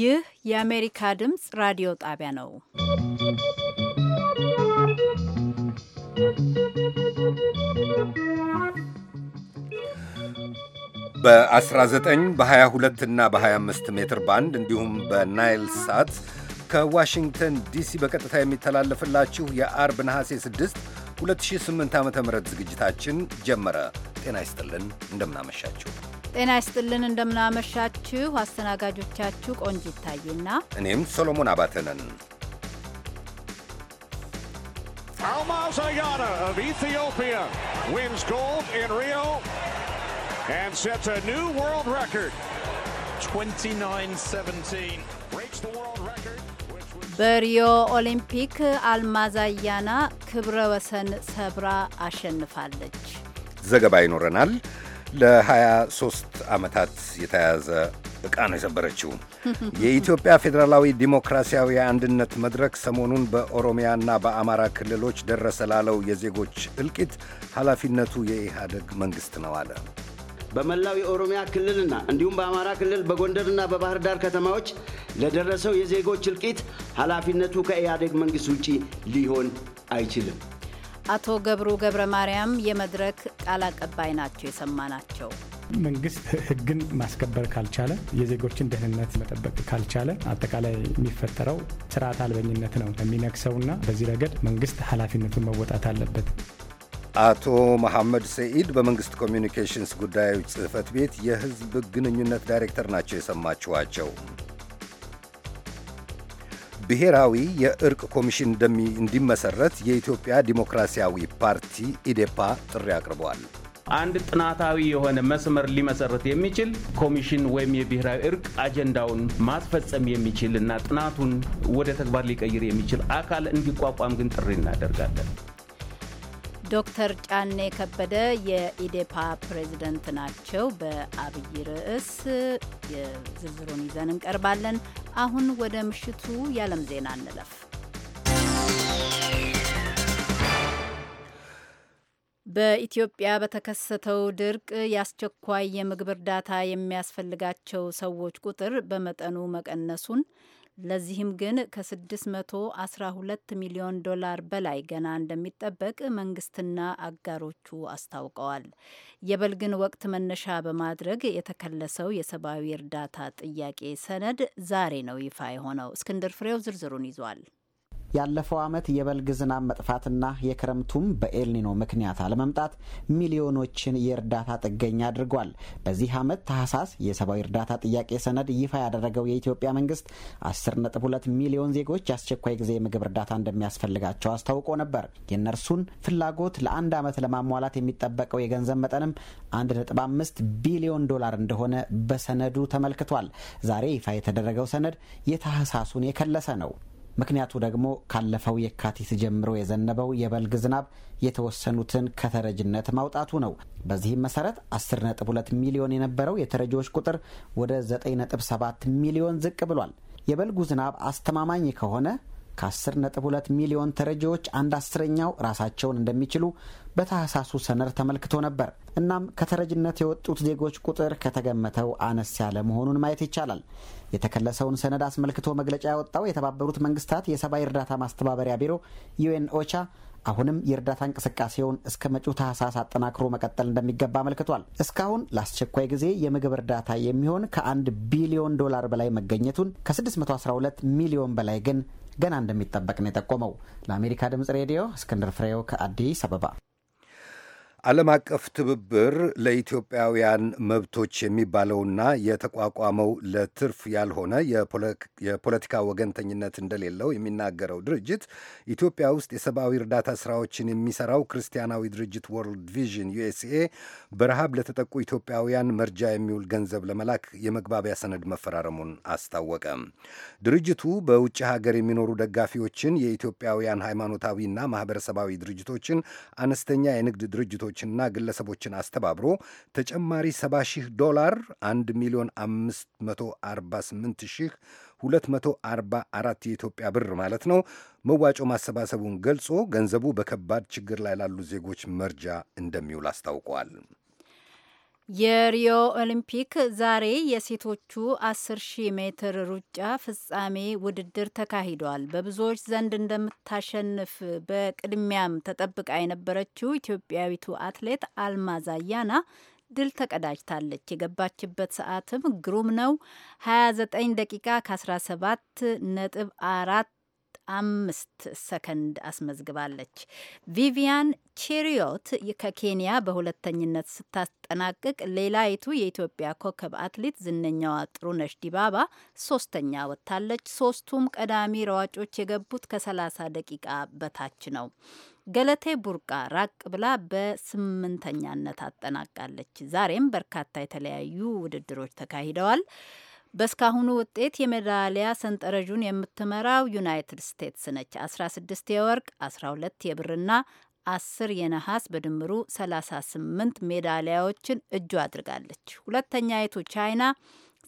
ይህ የአሜሪካ ድምፅ ራዲዮ ጣቢያ ነው። በ19 በ22 እና በ25 ሜትር ባንድ እንዲሁም በናይል ሳት ከዋሽንግተን ዲሲ በቀጥታ የሚተላለፍላችሁ የአርብ ነሐሴ 6 2008 ዓ ም ዝግጅታችን ጀመረ። ጤና ይስጥልን፣ እንደምናመሻችሁ ጤና ይስጥልን እንደምናመሻችሁ። አስተናጋጆቻችሁ ቆንጅ ይታየና እኔም ሶሎሞን አባተ ነን። በሪዮ ኦሊምፒክ አልማዝ አያና ክብረ ወሰን ሰብራ አሸንፋለች። ዘገባ ይኖረናል። ለ23 ዓመታት የተያዘ ዕቃ ነው የሰበረችው። የኢትዮጵያ ፌዴራላዊ ዲሞክራሲያዊ አንድነት መድረክ ሰሞኑን በኦሮሚያና በአማራ ክልሎች ደረሰ ላለው የዜጎች እልቂት ኃላፊነቱ የኢህአደግ መንግሥት ነው አለ። በመላው የኦሮሚያ ክልልና እንዲሁም በአማራ ክልል በጎንደርና በባህር ዳር ከተማዎች ለደረሰው የዜጎች እልቂት ኃላፊነቱ ከኢህአደግ መንግሥት ውጪ ሊሆን አይችልም። አቶ ገብሩ ገብረ ማርያም የመድረክ ቃል አቀባይ ናቸው። የሰማናቸው መንግስት ህግን ማስከበር ካልቻለ፣ የዜጎችን ደህንነት መጠበቅ ካልቻለ አጠቃላይ የሚፈጠረው ስርዓት አልበኝነት ነው የሚነግሰውና በዚህ ረገድ መንግስት ኃላፊነቱን መወጣት አለበት። አቶ መሐመድ ሰኢድ በመንግስት ኮሚዩኒኬሽንስ ጉዳዮች ጽህፈት ቤት የህዝብ ግንኙነት ዳይሬክተር ናቸው የሰማችኋቸው። ብሔራዊ የእርቅ ኮሚሽን እንዲመሰረት የኢትዮጵያ ዲሞክራሲያዊ ፓርቲ ኢዴፓ ጥሪ አቅርበዋል። አንድ ጥናታዊ የሆነ መስመር ሊመሰረት የሚችል ኮሚሽን ወይም የብሔራዊ እርቅ አጀንዳውን ማስፈጸም የሚችል እና ጥናቱን ወደ ተግባር ሊቀይር የሚችል አካል እንዲቋቋም ግን ጥሪ እናደርጋለን። ዶክተር ጫኔ ከበደ የኢዴፓ ፕሬዝደንት ናቸው። በአብይ ርዕስ ዝርዝሩን ይዘን እንቀርባለን። አሁን ወደ ምሽቱ የዓለም ዜና እንለፍ። በኢትዮጵያ በተከሰተው ድርቅ የአስቸኳይ የምግብ እርዳታ የሚያስፈልጋቸው ሰዎች ቁጥር በመጠኑ መቀነሱን ለዚህም ግን ከ612 ሚሊዮን ዶላር በላይ ገና እንደሚጠበቅ መንግስትና አጋሮቹ አስታውቀዋል። የበልግን ወቅት መነሻ በማድረግ የተከለሰው የሰብአዊ እርዳታ ጥያቄ ሰነድ ዛሬ ነው ይፋ የሆነው። እስክንድር ፍሬው ዝርዝሩን ይዟል። ያለፈው ዓመት የበልግ ዝናብ መጥፋትና የክረምቱም በኤልኒኖ ምክንያት አለመምጣት ሚሊዮኖችን የእርዳታ ጥገኛ አድርጓል። በዚህ ዓመት ታህሳስ የሰብአዊ እርዳታ ጥያቄ ሰነድ ይፋ ያደረገው የኢትዮጵያ መንግስት 10.2 ሚሊዮን ዜጎች የአስቸኳይ ጊዜ የምግብ እርዳታ እንደሚያስፈልጋቸው አስታውቆ ነበር። የእነርሱን ፍላጎት ለአንድ ዓመት ለማሟላት የሚጠበቀው የገንዘብ መጠንም 1.5 ቢሊዮን ዶላር እንደሆነ በሰነዱ ተመልክቷል። ዛሬ ይፋ የተደረገው ሰነድ የታህሳሱን የከለሰ ነው። ምክንያቱ ደግሞ ካለፈው የካቲት ጀምሮ የዘነበው የበልግ ዝናብ የተወሰኑትን ከተረጅነት ማውጣቱ ነው። በዚህም መሰረት 10.2 ሚሊዮን የነበረው የተረጂዎች ቁጥር ወደ 9.7 ሚሊዮን ዝቅ ብሏል። የበልጉ ዝናብ አስተማማኝ ከሆነ ከ10.2 ሚሊዮን ተረጂዎች አንድ አስረኛው ራሳቸውን እንደሚችሉ በታህሳሱ ሰነድ ተመልክቶ ነበር። እናም ከተረጅነት የወጡት ዜጎች ቁጥር ከተገመተው አነስ ያለ መሆኑን ማየት ይቻላል። የተከለሰውን ሰነድ አስመልክቶ መግለጫ ያወጣው የተባበሩት መንግስታት የሰብአዊ እርዳታ ማስተባበሪያ ቢሮ ዩኤን ኦቻ አሁንም የእርዳታ እንቅስቃሴውን እስከ መጪው ታህሳስ አጠናክሮ መቀጠል እንደሚገባ አመልክቷል። እስካሁን ለአስቸኳይ ጊዜ የምግብ እርዳታ የሚሆን ከአንድ ቢሊዮን ዶላር በላይ መገኘቱን ከ612 ሚሊዮን በላይ ግን ገና እንደሚጠበቅ ነው የጠቆመው። ለአሜሪካ ድምጽ ሬዲዮ እስክንድር ፍሬው ከአዲስ አበባ ዓለም አቀፍ ትብብር ለኢትዮጵያውያን መብቶች የሚባለውና የተቋቋመው ለትርፍ ያልሆነ የፖለቲካ ወገንተኝነት እንደሌለው የሚናገረው ድርጅት ኢትዮጵያ ውስጥ የሰብአዊ እርዳታ ስራዎችን የሚሰራው ክርስቲያናዊ ድርጅት ወርልድ ቪዥን ዩኤስኤ በረሃብ ለተጠቁ ኢትዮጵያውያን መርጃ የሚውል ገንዘብ ለመላክ የመግባቢያ ሰነድ መፈራረሙን አስታወቀ። ድርጅቱ በውጭ ሀገር የሚኖሩ ደጋፊዎችን፣ የኢትዮጵያውያን ሃይማኖታዊና ማህበረሰባዊ ድርጅቶችን፣ አነስተኛ የንግድ ድርጅቶች ድርጅቶችና ግለሰቦችን አስተባብሮ ተጨማሪ 70 ሺህ ዶላር 1 ሚሊዮን 548 ሺህ 244 የኢትዮጵያ ብር ማለት ነው መዋጮ ማሰባሰቡን ገልጾ ገንዘቡ በከባድ ችግር ላይ ላሉ ዜጎች መርጃ እንደሚውል አስታውቋል። የሪዮ ኦሊምፒክ ዛሬ የሴቶቹ 10 ሺህ ሜትር ሩጫ ፍጻሜ ውድድር ተካሂዷል። በብዙዎች ዘንድ እንደምታሸንፍ በቅድሚያም ተጠብቃ የነበረችው ኢትዮጵያዊቱ አትሌት አልማዝ አያና ድል ተቀዳጅታለች። የገባችበት ሰዓትም ግሩም ነው። 29 ደቂቃ ከ17 ነጥብ አራት አምስት ሰከንድ አስመዝግባለች። ቪቪያን ቼሪዮት ከኬንያ በሁለተኝነት ስታስጠናቅቅ ሌላይቱ የኢትዮጵያ ኮከብ አትሌት ዝነኛዋ ጥሩነሽ ዲባባ ሶስተኛ ወጥታለች። ሶስቱም ቀዳሚ ሯጮች የገቡት ከ ደቂቃ በታች ነው። ገለቴ ቡርቃ ራቅ ብላ በስምንተኛነት አጠናቃለች። ዛሬም በርካታ የተለያዩ ውድድሮች ተካሂደዋል። በእስካሁኑ ውጤት የሜዳሊያ ሰንጠረዡን የምትመራው ዩናይትድ ስቴትስ ነች። 16 የወርቅ፣ 12 የብርና 10 የነሐስ በድምሩ 38 ሜዳሊያዎችን እጁ አድርጋለች። ሁለተኛይቱ ቻይና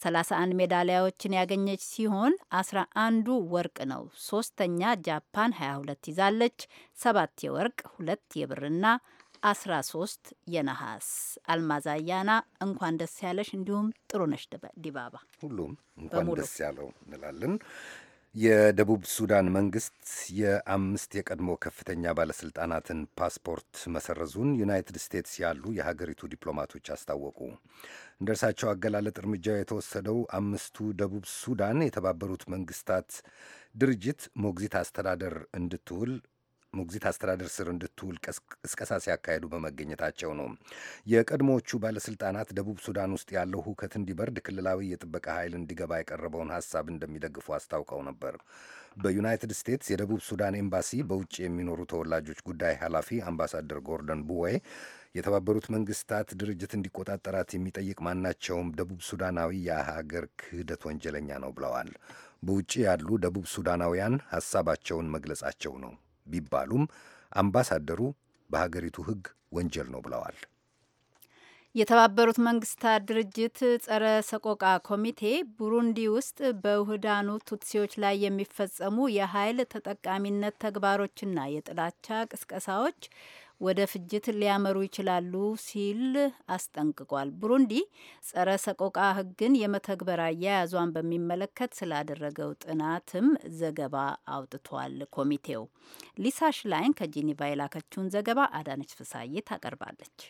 31 ሜዳሊያዎችን ያገኘች ሲሆን 11ዱ ወርቅ ነው። ሶስተኛ ጃፓን 22 ይዛለች፣ ሰባት የወርቅ፣ ሁለት የብርና 13 የነሐስ አልማዛያና እንኳን ደስ ያለሽ፣ እንዲሁም ጥሩነሽ ዲባባ ሁሉም እንኳን ደስ ያለው እንላለን። የደቡብ ሱዳን መንግስት የአምስት የቀድሞ ከፍተኛ ባለስልጣናትን ፓስፖርት መሰረዙን ዩናይትድ ስቴትስ ያሉ የሀገሪቱ ዲፕሎማቶች አስታወቁ። እንደ እርሳቸው አገላለጥ እርምጃው የተወሰደው አምስቱ ደቡብ ሱዳን የተባበሩት መንግስታት ድርጅት ሞግዚት አስተዳደር እንድትውል ሙግዚት አስተዳደር ስር እንድትውል ቅስቀሳ ሲያካሄዱ በመገኘታቸው ነው። የቀድሞዎቹ ባለስልጣናት ደቡብ ሱዳን ውስጥ ያለው ሁከት እንዲበርድ ክልላዊ የጥበቃ ኃይል እንዲገባ የቀረበውን ሀሳብ እንደሚደግፉ አስታውቀው ነበር። በዩናይትድ ስቴትስ የደቡብ ሱዳን ኤምባሲ በውጭ የሚኖሩ ተወላጆች ጉዳይ ኃላፊ አምባሳደር ጎርደን ቡዌ የተባበሩት መንግስታት ድርጅት እንዲቆጣጠራት የሚጠይቅ ማናቸውም ደቡብ ሱዳናዊ የሀገር ክህደት ወንጀለኛ ነው ብለዋል። በውጭ ያሉ ደቡብ ሱዳናውያን ሀሳባቸውን መግለጻቸው ነው ቢባሉም አምባሳደሩ በሀገሪቱ ሕግ ወንጀል ነው ብለዋል። የተባበሩት መንግስታት ድርጅት ጸረ ሰቆቃ ኮሚቴ ቡሩንዲ ውስጥ በውህዳኑ ቱትሲዎች ላይ የሚፈጸሙ የኃይል ተጠቃሚነት ተግባሮችና የጥላቻ ቅስቀሳዎች ወደ ፍጅት ሊያመሩ ይችላሉ ሲል አስጠንቅቋል። ቡሩንዲ ጸረ ሰቆቃ ሕግን የመተግበር አያያዟን በሚመለከት ስላደረገው ጥናትም ዘገባ አውጥቷል። ኮሚቴው ሊሳ ሽላይን ከጄኔቫ የላከችውን ዘገባ አዳነች ፍሳዬ ታቀርባለች።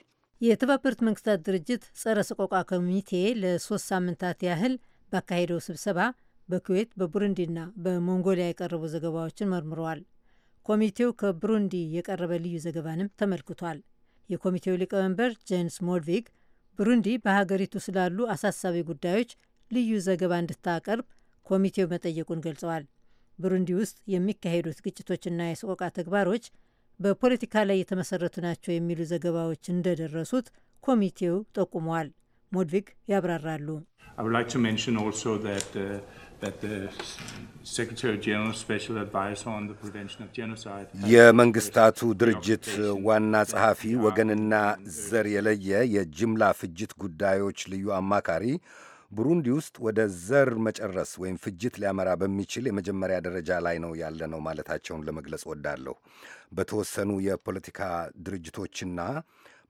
የተባበሩት መንግስታት ድርጅት ጸረ ሰቆቃ ኮሚቴ ለሶስት ሳምንታት ያህል ባካሄደው ስብሰባ በኩዌት በቡሩንዲና በሞንጎሊያ የቀረቡ ዘገባዎችን መርምረዋል። ኮሚቴው ከብሩንዲ የቀረበ ልዩ ዘገባንም ተመልክቷል። የኮሚቴው ሊቀመንበር ጄንስ ሞልቪግ ብሩንዲ በሀገሪቱ ስላሉ አሳሳቢ ጉዳዮች ልዩ ዘገባ እንድታቀርብ ኮሚቴው መጠየቁን ገልጸዋል። ብሩንዲ ውስጥ የሚካሄዱት ግጭቶችና የሰቆቃ ተግባሮች በፖለቲካ ላይ የተመሰረቱ ናቸው የሚሉ ዘገባዎች እንደደረሱት ኮሚቴው ጠቁመዋል። ሞድቪግ ያብራራሉ። የመንግስታቱ ድርጅት ዋና ጸሐፊ ወገንና ዘር የለየ የጅምላ ፍጅት ጉዳዮች ልዩ አማካሪ ቡሩንዲ ውስጥ ወደ ዘር መጨረስ ወይም ፍጅት ሊያመራ በሚችል የመጀመሪያ ደረጃ ላይ ነው ያለ ነው ማለታቸውን ለመግለጽ ወዳለሁ። በተወሰኑ የፖለቲካ ድርጅቶችና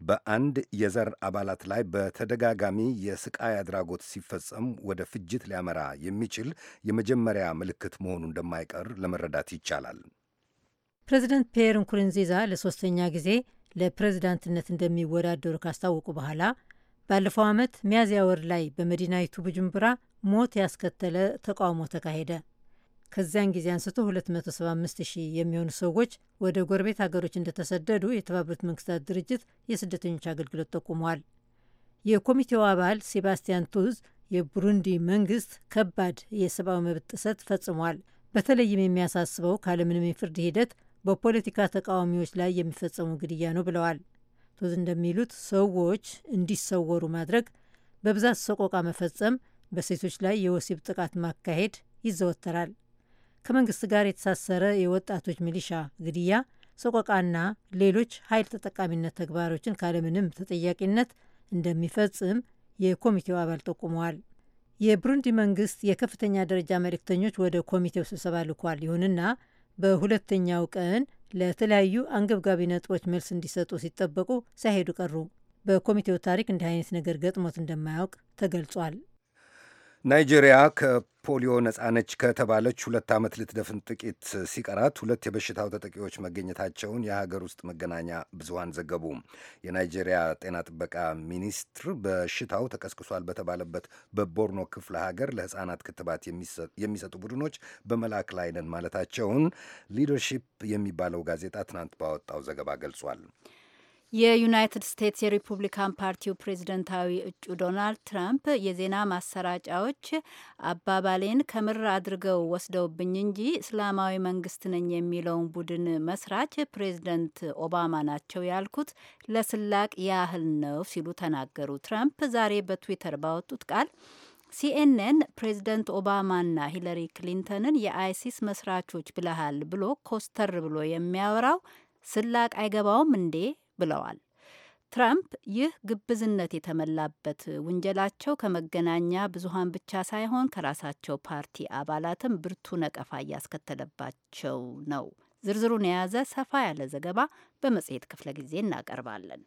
በአንድ የዘር አባላት ላይ በተደጋጋሚ የስቃይ አድራጎት ሲፈጸም ወደ ፍጅት ሊያመራ የሚችል የመጀመሪያ ምልክት መሆኑ እንደማይቀር ለመረዳት ይቻላል። ፕሬዚደንት ፒየር ንኩርንዚዛ ለሶስተኛ ጊዜ ለፕሬዚዳንትነት እንደሚወዳደሩ ካስታወቁ በኋላ ባለፈው ዓመት ሚያዝያ ወር ላይ በመዲናይቱ ቡጅምብራ ሞት ያስከተለ ተቃውሞ ተካሄደ። ከዚያን ጊዜ አንስቶ 275 ሺህ የሚሆኑ ሰዎች ወደ ጎረቤት ሀገሮች እንደተሰደዱ የተባበሩት መንግስታት ድርጅት የስደተኞች አገልግሎት ጠቁመዋል። የኮሚቴው አባል ሴባስቲያን ቱዝ የቡሩንዲ መንግስት ከባድ የሰብአዊ መብት ጥሰት ፈጽሟል፣ በተለይም የሚያሳስበው ካለምንም የፍርድ ሂደት በፖለቲካ ተቃዋሚዎች ላይ የሚፈጸሙ ግድያ ነው ብለዋል። ቱዝ እንደሚሉት ሰዎች እንዲሰወሩ ማድረግ፣ በብዛት ሰቆቃ መፈጸም፣ በሴቶች ላይ የወሲብ ጥቃት ማካሄድ ይዘወተራል። ከመንግስት ጋር የተሳሰረ የወጣቶች ሚሊሻ ግድያ፣ ሰቆቃና ሌሎች ኃይል ተጠቃሚነት ተግባሮችን ካለምንም ተጠያቂነት እንደሚፈጽም የኮሚቴው አባል ጠቁመዋል። የብሩንዲ መንግስት የከፍተኛ ደረጃ መልእክተኞች ወደ ኮሚቴው ስብሰባ ልኳል። ይሁንና በሁለተኛው ቀን ለተለያዩ አንገብጋቢ ነጥቦች መልስ እንዲሰጡ ሲጠበቁ ሳይሄዱ ቀሩ። በኮሚቴው ታሪክ እንዲህ አይነት ነገር ገጥሞት እንደማያውቅ ተገልጿል። ናይጄሪያ ከፖሊዮ ነጻነች ከተባለች ሁለት ዓመት ልትደፍን ጥቂት ሲቀራት ሁለት የበሽታው ተጠቂዎች መገኘታቸውን የሀገር ውስጥ መገናኛ ብዙሃን ዘገቡ። የናይጄሪያ ጤና ጥበቃ ሚኒስትር በሽታው ተቀስቅሷል በተባለበት በቦርኖ ክፍለ ሀገር ለሕፃናት ክትባት የሚሰጡ ቡድኖች በመላክ ላይ ነን ማለታቸውን ሊደርሺፕ የሚባለው ጋዜጣ ትናንት ባወጣው ዘገባ ገልጿል። የዩናይትድ ስቴትስ የሪፑብሊካን ፓርቲው ፕሬዝደንታዊ እጩ ዶናልድ ትራምፕ የዜና ማሰራጫዎች አባባሌን ከምር አድርገው ወስደውብኝ እንጂ እስላማዊ መንግስት ነኝ የሚለውን ቡድን መስራች ፕሬዝደንት ኦባማ ናቸው ያልኩት ለስላቅ ያህል ነው ሲሉ ተናገሩ። ትራምፕ ዛሬ በትዊተር ባወጡት ቃል ሲኤንኤን ፕሬዚደንት ኦባማና ሂለሪ ክሊንተንን የአይሲስ መስራቾች ብለሃል ብሎ ኮስተር ብሎ የሚያወራው ስላቅ አይገባውም እንዴ? ብለዋል። ትራምፕ ይህ ግብዝነት የተመላበት ውንጀላቸው ከመገናኛ ብዙሃን ብቻ ሳይሆን ከራሳቸው ፓርቲ አባላትም ብርቱ ነቀፋ እያስከተለባቸው ነው። ዝርዝሩን የያዘ ሰፋ ያለ ዘገባ በመጽሔት ክፍለ ጊዜ እናቀርባለን።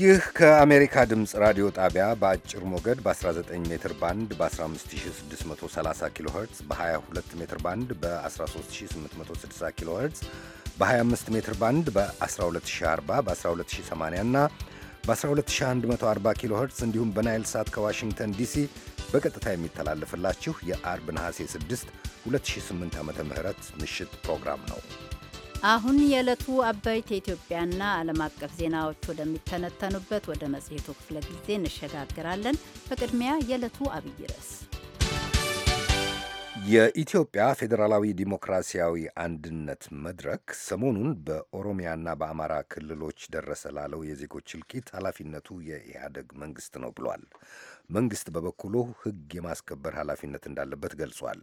ይህ ከአሜሪካ ድምፅ ራዲዮ ጣቢያ በአጭር ሞገድ በ19 ሜትር ባንድ በ15630 ኪሎ ኸርትዝ በ22 ሜትር ባንድ በ13860 ኪሎ ኸርትዝ በ25 ሜትር ባንድ በ12040 በ12080 እና በ12140 ኪሎ ኸርትዝ እንዲሁም በናይል ሳት ከዋሽንግተን ዲሲ በቀጥታ የሚተላለፍላችሁ የአርብ ነሐሴ 6 2008 ዓ ም ምሽት ፕሮግራም ነው። አሁን የዕለቱ አበይት የኢትዮጵያና ዓለም አቀፍ ዜናዎች ወደሚተነተኑበት ወደ መጽሔቱ ክፍለ ጊዜ እንሸጋግራለን። በቅድሚያ የዕለቱ አብይ ርዕስ የኢትዮጵያ ፌዴራላዊ ዲሞክራሲያዊ አንድነት መድረክ ሰሞኑን በኦሮሚያና በአማራ ክልሎች ደረሰ ላለው የዜጎች እልቂት ኃላፊነቱ የኢህአደግ መንግስት ነው ብሏል። መንግስት በበኩሉ ህግ የማስከበር ኃላፊነት እንዳለበት ገልጿል።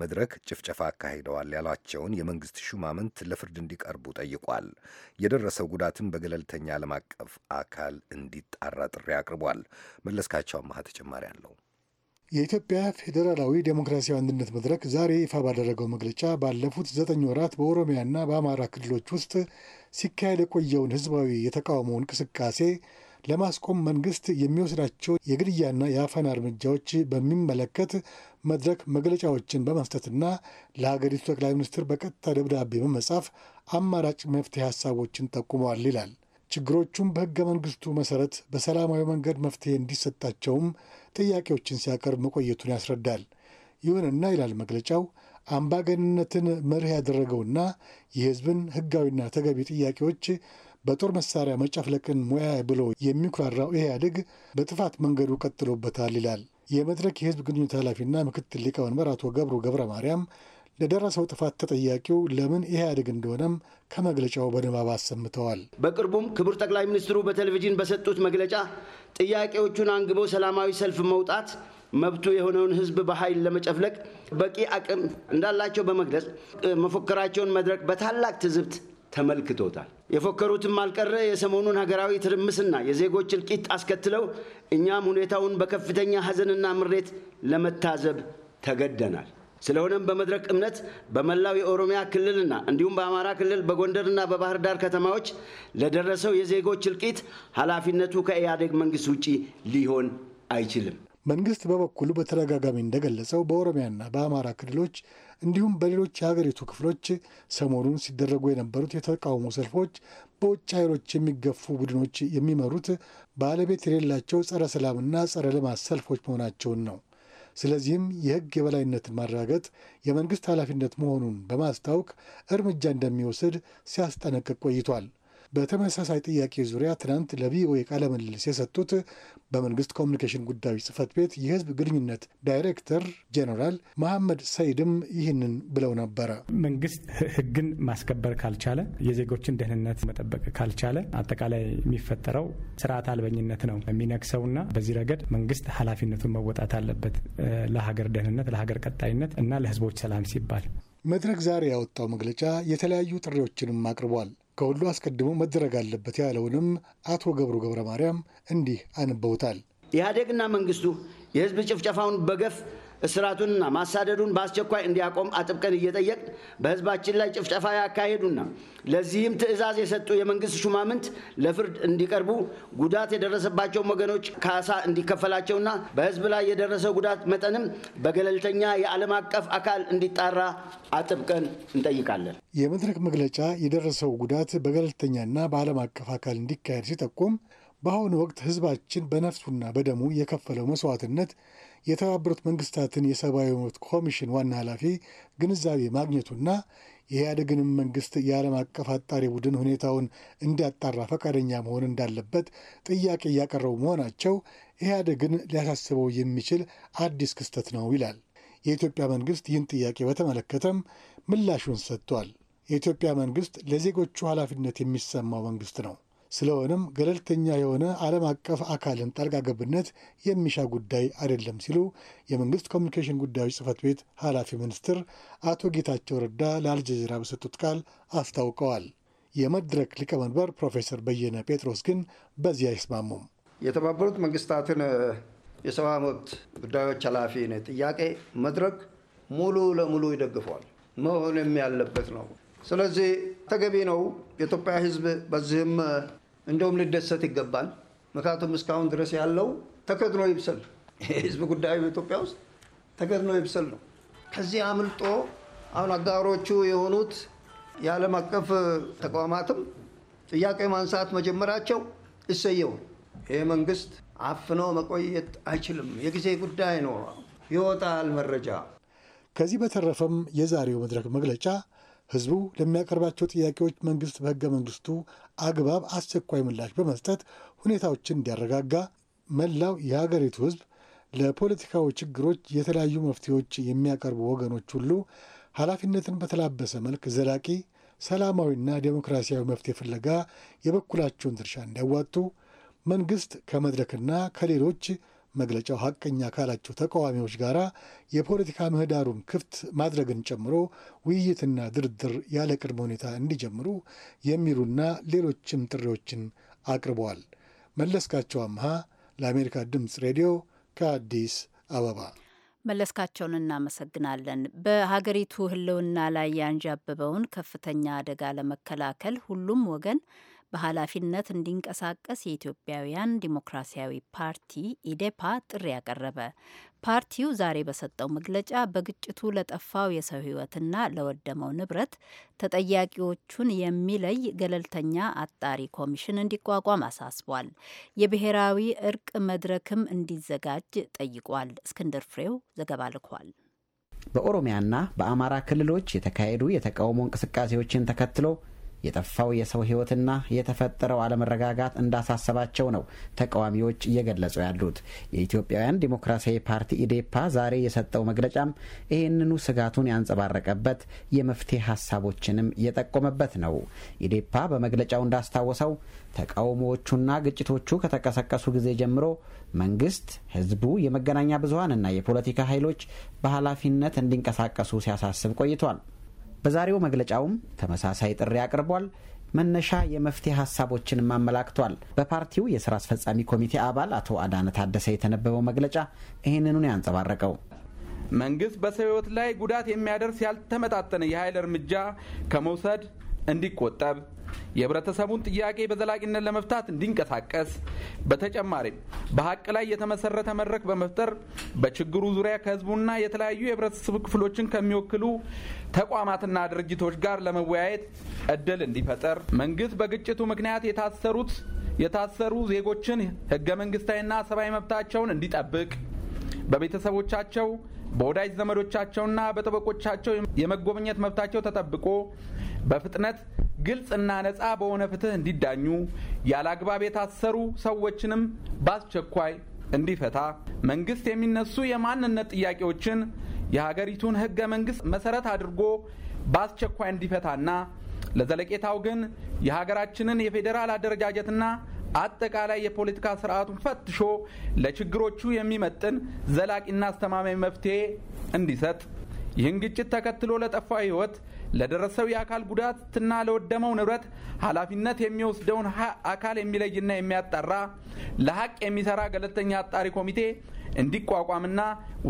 መድረክ ጭፍጨፋ አካሂደዋል ያሏቸውን የመንግስት ሹማምንት ለፍርድ እንዲቀርቡ ጠይቋል። የደረሰው ጉዳትም በገለልተኛ ዓለም አቀፍ አካል እንዲጣራ ጥሪ አቅርቧል። መለስካቸው አማሃ ተጨማሪ አለው። የኢትዮጵያ ፌዴራላዊ ዴሞክራሲያዊ አንድነት መድረክ ዛሬ ይፋ ባደረገው መግለጫ ባለፉት ዘጠኝ ወራት በኦሮሚያና በአማራ ክልሎች ውስጥ ሲካሄድ የቆየውን ህዝባዊ የተቃውሞ እንቅስቃሴ ለማስቆም መንግስት የሚወስዳቸው የግድያና የአፈና እርምጃዎች በሚመለከት መድረክ መግለጫዎችን በመስጠትና ለሀገሪቱ ጠቅላይ ሚኒስትር በቀጥታ ደብዳቤ በመጻፍ አማራጭ መፍትሄ ሀሳቦችን ጠቁመዋል ይላል። ችግሮቹም በህገ መንግስቱ መሰረት በሰላማዊ መንገድ መፍትሄ እንዲሰጣቸውም ጥያቄዎችን ሲያቀርብ መቆየቱን ያስረዳል። ይሁንና ይላል መግለጫው አምባገንነትን መርህ ያደረገውና የህዝብን ህጋዊና ተገቢ ጥያቄዎች በጦር መሳሪያ መጨፍለቅን ሙያ ብሎ የሚኩራራው ኢህአዴግ በጥፋት መንገዱ ቀጥሎበታል ይላል። የመድረክ የህዝብ ግንኙነት ኃላፊና ምክትል ሊቀመንበር አቶ ገብሩ ገብረ ማርያም ለደረሰው ጥፋት ተጠያቂው ለምን ኢህአዴግ እንደሆነም ከመግለጫው በንባብ አሰምተዋል። በቅርቡም ክቡር ጠቅላይ ሚኒስትሩ በቴሌቪዥን በሰጡት መግለጫ ጥያቄዎቹን አንግቦ ሰላማዊ ሰልፍ መውጣት መብቱ የሆነውን ህዝብ በኃይል ለመጨፍለቅ በቂ አቅም እንዳላቸው በመግለጽ መፎከራቸውን መድረክ በታላቅ ትዝብት ተመልክቶታል። የፎከሩትም አልቀረ የሰሞኑን ሀገራዊ ትርምስና የዜጎች እልቂት አስከትለው እኛም ሁኔታውን በከፍተኛ ሐዘንና ምሬት ለመታዘብ ተገደናል። ስለሆነም በመድረክ እምነት በመላው የኦሮሚያ ክልልና እንዲሁም በአማራ ክልል በጎንደርና በባህር ዳር ከተማዎች ለደረሰው የዜጎች እልቂት ኃላፊነቱ ከኢህአዴግ መንግስት ውጪ ሊሆን አይችልም። መንግስት በበኩሉ በተደጋጋሚ እንደገለጸው በኦሮሚያና በአማራ ክልሎች እንዲሁም በሌሎች የሀገሪቱ ክፍሎች ሰሞኑን ሲደረጉ የነበሩት የተቃውሞ ሰልፎች በውጭ ኃይሎች የሚገፉ ቡድኖች የሚመሩት ባለቤት የሌላቸው ጸረ ሰላምና ጸረ ልማት ሰልፎች መሆናቸውን ነው። ስለዚህም የሕግ የበላይነትን ማረጋገጥ የመንግሥት ኃላፊነት መሆኑን በማስታወቅ እርምጃ እንደሚወስድ ሲያስጠነቅቅ ቆይቷል። በተመሳሳይ ጥያቄ ዙሪያ ትናንት ለቪኦኤ ቃለ ምልልስ የሰጡት በመንግስት ኮሚኒኬሽን ጉዳዮች ጽህፈት ቤት የህዝብ ግንኙነት ዳይሬክተር ጄኔራል መሐመድ ሰይድም ይህንን ብለው ነበረ። መንግስት ህግን ማስከበር ካልቻለ፣ የዜጎችን ደህንነት መጠበቅ ካልቻለ አጠቃላይ የሚፈጠረው ስርዓት አልበኝነት ነው የሚነግሰውና በዚህ ረገድ መንግስት ኃላፊነቱን መወጣት አለበት ለሀገር ደህንነት፣ ለሀገር ቀጣይነት እና ለህዝቦች ሰላም ሲባል። መድረክ ዛሬ ያወጣው መግለጫ የተለያዩ ጥሪዎችንም አቅርቧል። ከሁሉ አስቀድሞ መደረግ አለበት ያለውንም አቶ ገብሩ ገብረ ማርያም እንዲህ አንበውታል። ኢህአዴግና መንግስቱ የህዝብ ጭፍጨፋውን በገፍ እስራቱንና ማሳደዱን በአስቸኳይ እንዲያቆም አጥብቀን እየጠየቅ በህዝባችን ላይ ጭፍጨፋ ያካሄዱና ለዚህም ትዕዛዝ የሰጡ የመንግስት ሹማምንት ለፍርድ እንዲቀርቡ ጉዳት የደረሰባቸውን ወገኖች ካሳ እንዲከፈላቸውና በህዝብ ላይ የደረሰው ጉዳት መጠንም በገለልተኛ የዓለም አቀፍ አካል እንዲጣራ አጥብቀን እንጠይቃለን። የመድረክ መግለጫ የደረሰው ጉዳት በገለልተኛና በዓለም አቀፍ አካል እንዲካሄድ ሲጠቁም በአሁኑ ወቅት ህዝባችን በነፍሱና በደሙ የከፈለው መስዋዕትነት የተባበሩት መንግስታትን የሰብአዊ መብት ኮሚሽን ዋና ኃላፊ ግንዛቤ ማግኘቱና የኢህአደግንም መንግስት የዓለም አቀፍ አጣሪ ቡድን ሁኔታውን እንዲያጣራ ፈቃደኛ መሆን እንዳለበት ጥያቄ እያቀረቡ መሆናቸው ኢህአደግን ሊያሳስበው የሚችል አዲስ ክስተት ነው ይላል። የኢትዮጵያ መንግስት ይህን ጥያቄ በተመለከተም ምላሹን ሰጥቷል። የኢትዮጵያ መንግስት ለዜጎቹ ኃላፊነት የሚሰማው መንግስት ነው ስለሆነም ገለልተኛ የሆነ ዓለም አቀፍ አካልን ጣልቃ ገብነት የሚሻ ጉዳይ አይደለም ሲሉ የመንግስት ኮሚኒኬሽን ጉዳዮች ጽህፈት ቤት ኃላፊ ሚኒስትር አቶ ጌታቸው ረዳ ለአልጀዚራ በሰጡት ቃል አስታውቀዋል። የመድረክ ሊቀመንበር ፕሮፌሰር በየነ ጴጥሮስ ግን በዚህ አይስማሙም። የተባበሩት መንግስታትን የሰብአዊ መብት ጉዳዮች ኃላፊ ጥያቄ መድረክ ሙሉ ለሙሉ ይደግፏል መሆንም ያለበት ነው። ስለዚህ ተገቢ ነው። የኢትዮጵያ ሕዝብ በዚህም እንደውም ሊደሰት ይገባል። ምክንያቱም እስካሁን ድረስ ያለው ተከድኖ ይብሰል የህዝብ ጉዳዩ በኢትዮጵያ ውስጥ ተከድኖ ይብሰል ነው። ከዚህ አምልጦ አሁን አጋሮቹ የሆኑት የዓለም አቀፍ ተቋማትም ጥያቄ ማንሳት መጀመራቸው እሰየው። ይህ መንግስት አፍኖ መቆየት አይችልም። የጊዜ ጉዳይ ነው። ይወጣል መረጃ። ከዚህ በተረፈም የዛሬው መድረክ መግለጫ ህዝቡ ለሚያቀርባቸው ጥያቄዎች መንግስት በህገ መንግስቱ አግባብ አስቸኳይ ምላሽ በመስጠት ሁኔታዎችን እንዲያረጋጋ መላው የሀገሪቱ ህዝብ ለፖለቲካዊ ችግሮች የተለያዩ መፍትሄዎች የሚያቀርቡ ወገኖች ሁሉ ኃላፊነትን በተላበሰ መልክ ዘላቂ ሰላማዊና ዴሞክራሲያዊ መፍትሄ ፍለጋ የበኩላቸውን ድርሻ እንዲያዋጡ መንግስት ከመድረክና ከሌሎች መግለጫው ሀቀኛ ካላቸው ተቃዋሚዎች ጋር የፖለቲካ ምህዳሩን ክፍት ማድረግን ጨምሮ ውይይትና ድርድር ያለ ቅድመ ሁኔታ እንዲጀምሩ የሚሉና ሌሎችም ጥሪዎችን አቅርበዋል። መለስካቸው አምሃ ለአሜሪካ ድምፅ ሬዲዮ ከአዲስ አበባ። መለስካቸውን እናመሰግናለን። በሀገሪቱ ህልውና ላይ ያንዣበበውን ከፍተኛ አደጋ ለመከላከል ሁሉም ወገን በኃላፊነት እንዲንቀሳቀስ የኢትዮጵያውያን ዲሞክራሲያዊ ፓርቲ ኢዴፓ ጥሪ ያቀረበ ፓርቲው ዛሬ በሰጠው መግለጫ በግጭቱ ለጠፋው የሰው ሕይወትና ለወደመው ንብረት ተጠያቂዎቹን የሚለይ ገለልተኛ አጣሪ ኮሚሽን እንዲቋቋም አሳስቧል። የብሔራዊ እርቅ መድረክም እንዲዘጋጅ ጠይቋል። እስክንድር ፍሬው ዘገባ ልኳል። በኦሮሚያና በአማራ ክልሎች የተካሄዱ የተቃውሞ እንቅስቃሴዎችን ተከትሎ የጠፋው የሰው ሕይወትና የተፈጠረው አለመረጋጋት እንዳሳሰባቸው ነው ተቃዋሚዎች እየገለጹ ያሉት። የኢትዮጵያውያን ዴሞክራሲያዊ ፓርቲ ኢዴፓ ዛሬ የሰጠው መግለጫም ይህንኑ ስጋቱን ያንጸባረቀበት የመፍትሄ ሀሳቦችንም የጠቆመበት ነው። ኢዴፓ በመግለጫው እንዳስታወሰው ተቃውሞዎቹና ግጭቶቹ ከተቀሰቀሱ ጊዜ ጀምሮ መንግስት፣ ህዝቡ፣ የመገናኛ ብዙሀንና የፖለቲካ ኃይሎች በኃላፊነት እንዲንቀሳቀሱ ሲያሳስብ ቆይቷል። በዛሬው መግለጫውም ተመሳሳይ ጥሪ አቅርቧል። መነሻ የመፍትሄ ሀሳቦችንም አመላክቷል። በፓርቲው የስራ አስፈጻሚ ኮሚቴ አባል አቶ አዳነ ታደሰ የተነበበው መግለጫ ይህንኑን ያንጸባረቀው መንግስት በሰው ላይ ጉዳት የሚያደርስ ያልተመጣጠነ የኃይል እርምጃ ከመውሰድ እንዲቆጠብ የህብረተሰቡን ጥያቄ በዘላቂነት ለመፍታት እንዲንቀሳቀስ በተጨማሪም በሀቅ ላይ የተመሰረተ መድረክ በመፍጠር በችግሩ ዙሪያ ከህዝቡና የተለያዩ የህብረተሰቡ ክፍሎችን ከሚወክሉ ተቋማትና ድርጅቶች ጋር ለመወያየት እድል እንዲፈጠር መንግስት በግጭቱ ምክንያት የታሰሩት የታሰሩ ዜጎችን ህገ መንግስታዊና ሰብአዊ መብታቸውን እንዲጠብቅ በቤተሰቦቻቸው በወዳጅ ዘመዶቻቸውና በጠበቆቻቸው የመጎብኘት መብታቸው ተጠብቆ በፍጥነት ግልጽና ነፃ በሆነ ፍትህ እንዲዳኙ ያለ አግባብ የታሰሩ ሰዎችንም በአስቸኳይ እንዲፈታ መንግስት የሚነሱ የማንነት ጥያቄዎችን የሀገሪቱን ህገ መንግስት መሰረት አድርጎ በአስቸኳይ እንዲፈታና ለዘለቄታው ግን የሀገራችንን የፌዴራል አደረጃጀትና አጠቃላይ የፖለቲካ ስርዓቱን ፈትሾ ለችግሮቹ የሚመጥን ዘላቂና አስተማማኝ መፍትሄ እንዲሰጥ ይህን ግጭት ተከትሎ ለጠፋው ህይወት ለደረሰው የአካል ጉዳትና ለወደመው ንብረት ኃላፊነት የሚወስደውን አካል የሚለይና የሚያጣራ ለሀቅ የሚሰራ ገለልተኛ አጣሪ ኮሚቴ እንዲቋቋምና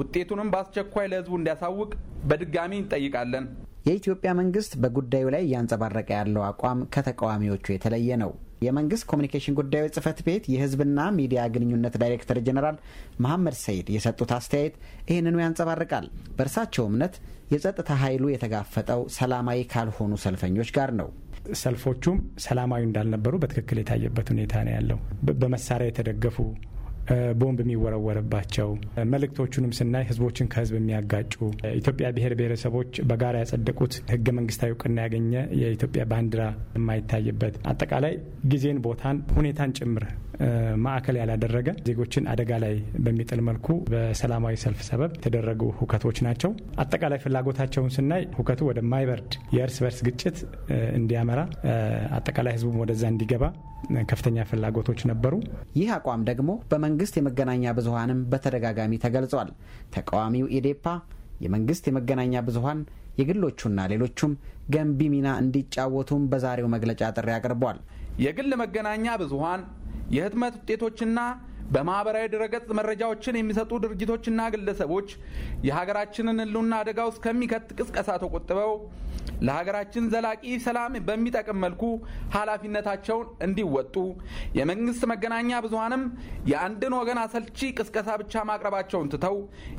ውጤቱንም በአስቸኳይ ለሕዝቡ እንዲያሳውቅ በድጋሚ እንጠይቃለን። የኢትዮጵያ መንግስት በጉዳዩ ላይ እያንጸባረቀ ያለው አቋም ከተቃዋሚዎቹ የተለየ ነው። የመንግስት ኮሚኒኬሽን ጉዳዮች ጽህፈት ቤት የህዝብና ሚዲያ ግንኙነት ዳይሬክተር ጀኔራል መሐመድ ሰይድ የሰጡት አስተያየት ይህንኑ ያንጸባርቃል። በእርሳቸው እምነት የጸጥታ ኃይሉ የተጋፈጠው ሰላማዊ ካልሆኑ ሰልፈኞች ጋር ነው። ሰልፎቹም ሰላማዊ እንዳልነበሩ በትክክል የታየበት ሁኔታ ነው ያለው። በመሳሪያ የተደገፉ ቦምብ የሚወረወርባቸው መልእክቶቹንም ስናይ ህዝቦችን ከህዝብ የሚያጋጩ ኢትዮጵያ ብሔር ብሔረሰቦች በጋራ ያጸደቁት ህገ መንግስታዊ እውቅና ያገኘ የኢትዮጵያ ባንዲራ የማይታይበት አጠቃላይ ጊዜን፣ ቦታን፣ ሁኔታን ጭምር ማዕከል ያላደረገ ዜጎችን አደጋ ላይ በሚጥል መልኩ በሰላማዊ ሰልፍ ሰበብ የተደረጉ ሁከቶች ናቸው። አጠቃላይ ፍላጎታቸውን ስናይ ሁከቱ ወደማይበርድ የእርስ በርስ ግጭት እንዲያመራ፣ አጠቃላይ ህዝቡም ወደዛ እንዲገባ ከፍተኛ ፍላጎቶች ነበሩ። ይህ አቋም ደግሞ በመንግስት የመገናኛ ብዙሀንም በተደጋጋሚ ተገልጿል። ተቃዋሚው ኢዴፓ የመንግስት የመገናኛ ብዙሀን የግሎቹና ሌሎቹም ገንቢ ሚና እንዲጫወቱም በዛሬው መግለጫ ጥሪ አቅርቧል። የግል መገናኛ ብዙሀን የህትመት ውጤቶችና በማኅበራዊ ድረገጽ መረጃዎችን የሚሰጡ ድርጅቶችና ግለሰቦች የሀገራችንን ህልውና አደጋ ውስጥ ከሚከት ቅስቀሳ ተቆጥበው ለሀገራችን ዘላቂ ሰላም በሚጠቅም መልኩ ኃላፊነታቸውን እንዲወጡ የመንግስት መገናኛ ብዙሀንም የአንድን ወገን አሰልቺ ቅስቀሳ ብቻ ማቅረባቸውን ትተው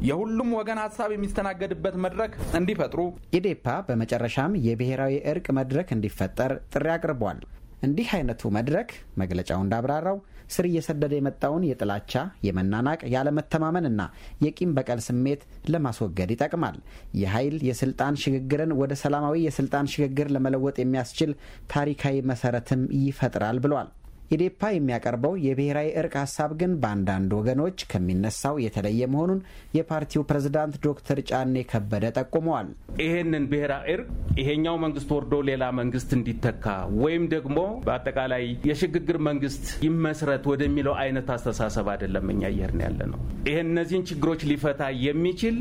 የሁሉም ወገን ሀሳብ የሚስተናገድበት መድረክ እንዲፈጥሩ ኢዴፓ በመጨረሻም የብሔራዊ እርቅ መድረክ እንዲፈጠር ጥሪ አቅርቧል። እንዲህ አይነቱ መድረክ መግለጫው እንዳብራራው ስር እየሰደደ የመጣውን የጥላቻ፣ የመናናቅ፣ ያለመተማመንና የቂም በቀል ስሜት ለማስወገድ ይጠቅማል። የኃይል የስልጣን ሽግግርን ወደ ሰላማዊ የስልጣን ሽግግር ለመለወጥ የሚያስችል ታሪካዊ መሰረትም ይፈጥራል ብሏል። ኢዴፓ የሚያቀርበው የብሔራዊ እርቅ ሀሳብ ግን በአንዳንድ ወገኖች ከሚነሳው የተለየ መሆኑን የፓርቲው ፕሬዝዳንት ዶክተር ጫኔ ከበደ ጠቁመዋል። ይሄንን ብሔራዊ እርቅ ይሄኛው መንግስት ወርዶ ሌላ መንግስት እንዲተካ ወይም ደግሞ በአጠቃላይ የሽግግር መንግስት ይመስረት ወደሚለው አይነት አስተሳሰብ አይደለም እኛ እየሄድን ያለ ነው። ይህ እነዚህን ችግሮች ሊፈታ የሚችል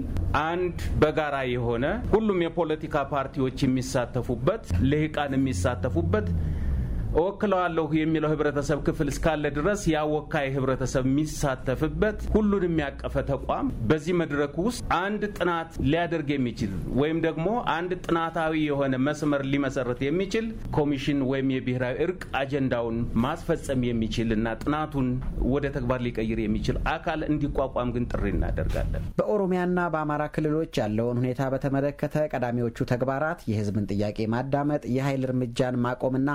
አንድ በጋራ የሆነ ሁሉም የፖለቲካ ፓርቲዎች የሚሳተፉበት ልሂቃን የሚሳተፉበት እወክለዋለሁ የሚለው ህብረተሰብ ክፍል እስካለ ድረስ ያ ህብረተሰብ የሚሳተፍበት ሁሉንም ያቀፈ ተቋም በዚህ መድረክ ውስጥ አንድ ጥናት ሊያደርግ የሚችል ወይም ደግሞ አንድ ጥናታዊ የሆነ መስመር ሊመሰረት የሚችል ኮሚሽን ወይም የብሔራዊ እርቅ አጀንዳውን ማስፈጸም የሚችል እና ጥናቱን ወደ ተግባር ሊቀይር የሚችል አካል እንዲቋቋም ግን ጥሪ እናደርጋለን። በኦሮሚያና በአማራ ክልሎች ያለውን ሁኔታ በተመለከተ ቀዳሚዎቹ ተግባራት የህዝብን ጥያቄ ማዳመጥ፣ የኃይል እርምጃን ማቆምና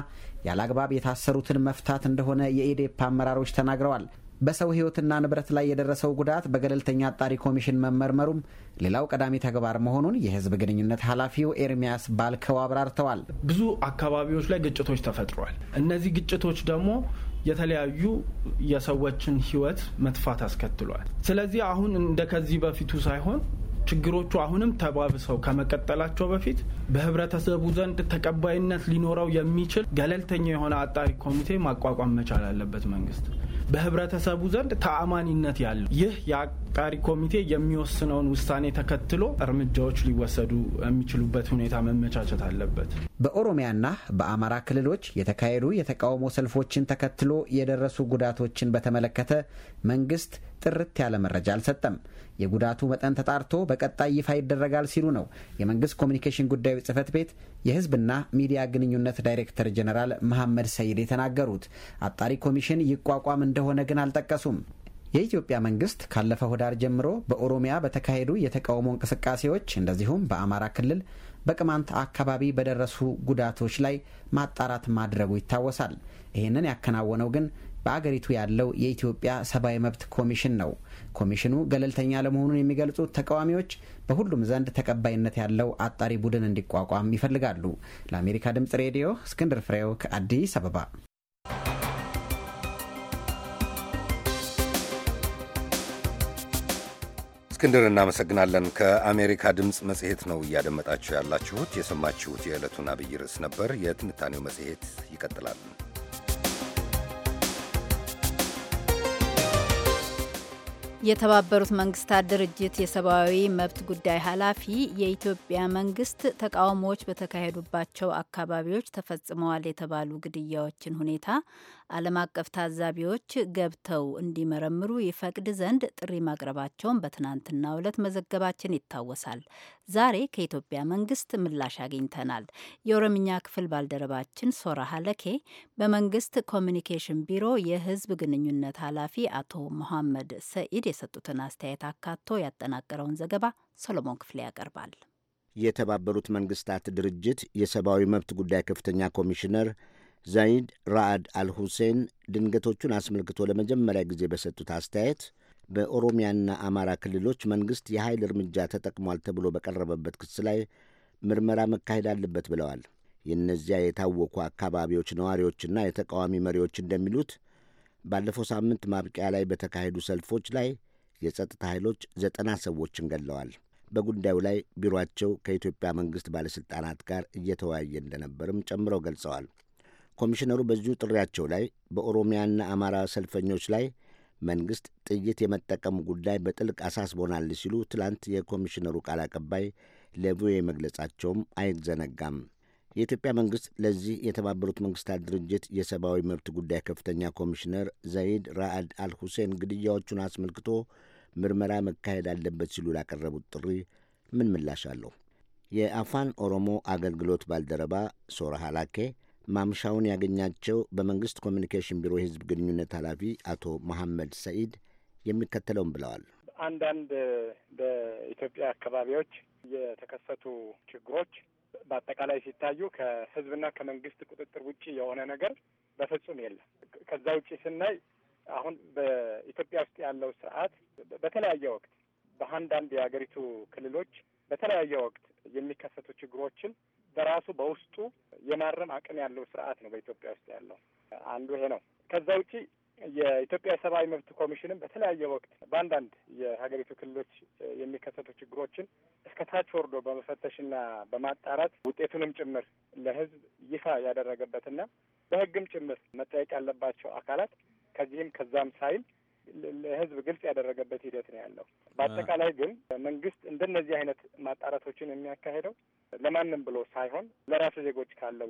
ያለአግባብ የታሰሩትን መፍታት እንደሆነ የኢዴፓ አመራሮች ተናግረዋል። በሰው ሕይወትና ንብረት ላይ የደረሰው ጉዳት በገለልተኛ አጣሪ ኮሚሽን መመርመሩም ሌላው ቀዳሚ ተግባር መሆኑን የሕዝብ ግንኙነት ኃላፊው ኤርሚያስ ባልከው አብራርተዋል። ብዙ አካባቢዎች ላይ ግጭቶች ተፈጥሯል። እነዚህ ግጭቶች ደግሞ የተለያዩ የሰዎችን ሕይወት መጥፋት አስከትሏል። ስለዚህ አሁን እንደ ከዚህ በፊቱ ሳይሆን ችግሮቹ አሁንም ተባብሰው ከመቀጠላቸው በፊት በህብረተሰቡ ዘንድ ተቀባይነት ሊኖረው የሚችል ገለልተኛ የሆነ አጣሪ ኮሚቴ ማቋቋም መቻል አለበት መንግስት። በህብረተሰቡ ዘንድ ተአማኒነት ያለው ይህ የአጣሪ ኮሚቴ የሚወስነውን ውሳኔ ተከትሎ እርምጃዎች ሊወሰዱ የሚችሉበት ሁኔታ መመቻቸት አለበት። በኦሮሚያና በአማራ ክልሎች የተካሄዱ የተቃውሞ ሰልፎችን ተከትሎ የደረሱ ጉዳቶችን በተመለከተ መንግስት ጥርት ያለ መረጃ አልሰጠም። የጉዳቱ መጠን ተጣርቶ በቀጣይ ይፋ ይደረጋል ሲሉ ነው የመንግስት ኮሚኒኬሽን ጉዳዮች ጽህፈት ቤት የህዝብና ሚዲያ ግንኙነት ዳይሬክተር ጀነራል መሐመድ ሰይድ የተናገሩት። አጣሪ ኮሚሽን ይቋቋም እንደሆነ ግን አልጠቀሱም። የኢትዮጵያ መንግስት ካለፈው ህዳር ጀምሮ በኦሮሚያ በተካሄዱ የተቃውሞ እንቅስቃሴዎች እንደዚሁም በአማራ ክልል በቅማንት አካባቢ በደረሱ ጉዳቶች ላይ ማጣራት ማድረጉ ይታወሳል። ይህንን ያከናወነው ግን በአገሪቱ ያለው የኢትዮጵያ ሰብአዊ መብት ኮሚሽን ነው። ኮሚሽኑ ገለልተኛ ለመሆኑን የሚገልጹት ተቃዋሚዎች በሁሉም ዘንድ ተቀባይነት ያለው አጣሪ ቡድን እንዲቋቋም ይፈልጋሉ። ለአሜሪካ ድምጽ ሬዲዮ እስክንድር ፍሬው ከአዲስ አበባ። እስክንድር እናመሰግናለን። ከአሜሪካ ድምፅ መጽሔት ነው እያደመጣችሁ ያላችሁት። የሰማችሁት የዕለቱን አብይ ርዕስ ነበር። የትንታኔው መጽሔት ይቀጥላል። የተባበሩት መንግስታት ድርጅት የሰብአዊ መብት ጉዳይ ኃላፊ የኢትዮጵያ መንግስት ተቃውሞዎች በተካሄዱባቸው አካባቢዎች ተፈጽመዋል የተባሉ ግድያዎችን ሁኔታ ዓለም አቀፍ ታዛቢዎች ገብተው እንዲመረምሩ ይፈቅድ ዘንድ ጥሪ ማቅረባቸውን በትናንትናው ዕለት መዘገባችን ይታወሳል። ዛሬ ከኢትዮጵያ መንግስት ምላሽ አግኝተናል። የኦሮምኛ ክፍል ባልደረባችን ሶራ ሀለኬ በመንግስት ኮሚኒኬሽን ቢሮ የህዝብ ግንኙነት ኃላፊ አቶ መሐመድ ሰኢድ የሰጡትን አስተያየት አካቶ ያጠናቀረውን ዘገባ ሰሎሞን ክፍሌ ያቀርባል። የተባበሩት መንግስታት ድርጅት የሰብአዊ መብት ጉዳይ ከፍተኛ ኮሚሽነር ዛይድ ራአድ አልሁሴን ድንገቶቹን አስመልክቶ ለመጀመሪያ ጊዜ በሰጡት አስተያየት በኦሮሚያና አማራ ክልሎች መንግሥት የኃይል እርምጃ ተጠቅሟል ተብሎ በቀረበበት ክስ ላይ ምርመራ መካሄድ አለበት ብለዋል። የእነዚያ የታወቁ አካባቢዎች ነዋሪዎችና የተቃዋሚ መሪዎች እንደሚሉት ባለፈው ሳምንት ማብቂያ ላይ በተካሄዱ ሰልፎች ላይ የጸጥታ ኃይሎች ዘጠና ሰዎችን ገለዋል። በጉዳዩ ላይ ቢሮአቸው ከኢትዮጵያ መንግሥት ባለሥልጣናት ጋር እየተወያየ እንደነበርም ጨምረው ገልጸዋል። ኮሚሽነሩ በዚሁ ጥሪያቸው ላይ በኦሮሚያና አማራ ሰልፈኞች ላይ መንግሥት ጥይት የመጠቀሙ ጉዳይ በጥልቅ አሳስቦናል ሲሉ ትላንት የኮሚሽነሩ ቃል አቀባይ ለቪኦኤ መግለጻቸውም አይዘነጋም። የኢትዮጵያ መንግሥት ለዚህ የተባበሩት መንግሥታት ድርጅት የሰብአዊ መብት ጉዳይ ከፍተኛ ኮሚሽነር ዘይድ ራአድ አልሁሴን ግድያዎቹን አስመልክቶ ምርመራ መካሄድ አለበት ሲሉ ላቀረቡት ጥሪ ምን ምላሽ አለው? የአፋን ኦሮሞ አገልግሎት ባልደረባ ሶራ ሃላኬ ማምሻውን ያገኛቸው በመንግሥት ኮሚኒኬሽን ቢሮ የሕዝብ ግንኙነት ኃላፊ አቶ መሐመድ ሰኢድ የሚከተለውን ብለዋል። አንዳንድ በኢትዮጵያ አካባቢዎች የተከሰቱ ችግሮች በአጠቃላይ ሲታዩ ከህዝብና ከመንግስት ቁጥጥር ውጭ የሆነ ነገር በፍጹም የለም። ከዛ ውጭ ስናይ አሁን በኢትዮጵያ ውስጥ ያለው ስርዓት በተለያየ ወቅት በአንዳንድ የሀገሪቱ ክልሎች በተለያየ ወቅት የሚከሰቱ ችግሮችን በራሱ በውስጡ የማረም አቅም ያለው ስርዓት ነው በኢትዮጵያ ውስጥ ያለው። አንዱ ይሄ ነው። ከዛ ውጪ የኢትዮጵያ ሰብአዊ መብት ኮሚሽንም በተለያየ ወቅት በአንዳንድ የሀገሪቱ ክልሎች የሚከሰቱ ችግሮችን እስከ ታች ወርዶ በመፈተሽና በማጣራት ውጤቱንም ጭምር ለህዝብ ይፋ ያደረገበትና በህግም ጭምር መጠየቅ ያለባቸው አካላት ከዚህም ከዛም ሳይል ለህዝብ ግልጽ ያደረገበት ሂደት ነው ያለው። በአጠቃላይ ግን መንግስት እንደነዚህ አይነት ማጣራቶችን የሚያካሄደው ለማንም ብሎ ሳይሆን ለራሱ ዜጎች ካለው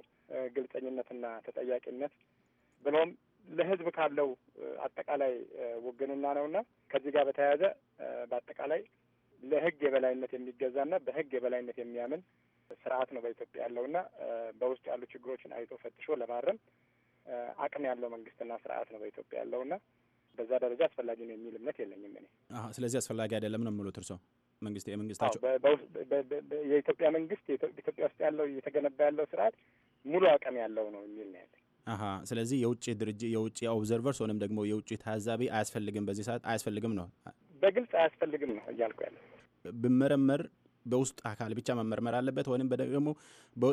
ግልጸኝነትና ተጠያቂነት ብሎም ለህዝብ ካለው አጠቃላይ ውግንና ነውና ከዚህ ጋር በተያያዘ በአጠቃላይ ለህግ የበላይነት የሚገዛና በህግ የበላይነት የሚያምን ስርዓት ነው በኢትዮጵያ ያለውና በውስጥ ያሉ ችግሮችን አይቶ ፈትሾ ለማረም አቅም ያለው መንግስትና ስርዓት ነው በኢትዮጵያ ያለውና በዛ ደረጃ አስፈላጊ ነው የሚል እምነት የለኝም እኔ። ስለዚህ አስፈላጊ አይደለም ነው የምሉት እርስዎ? መንግስት የመንግስታቸው የኢትዮጵያ መንግስት ኢትዮጵያ ውስጥ ያለው እየተገነባ ያለው ስርዓት ሙሉ አቅም ያለው ነው የሚል ነው ያለኝ። አሀ ስለዚህ የውጭ ድርጅት የውጭ ኦብዘርቨርስ ወይም ደግሞ የውጭ ታዛቢ አያስፈልግም፣ በዚህ ሰዓት አያስፈልግም ነው በግልጽ አያስፈልግም ነው እያልኩ ያለ ብመረመር በውስጥ አካል ብቻ መመርመር አለበት፣ ወይም ደግሞ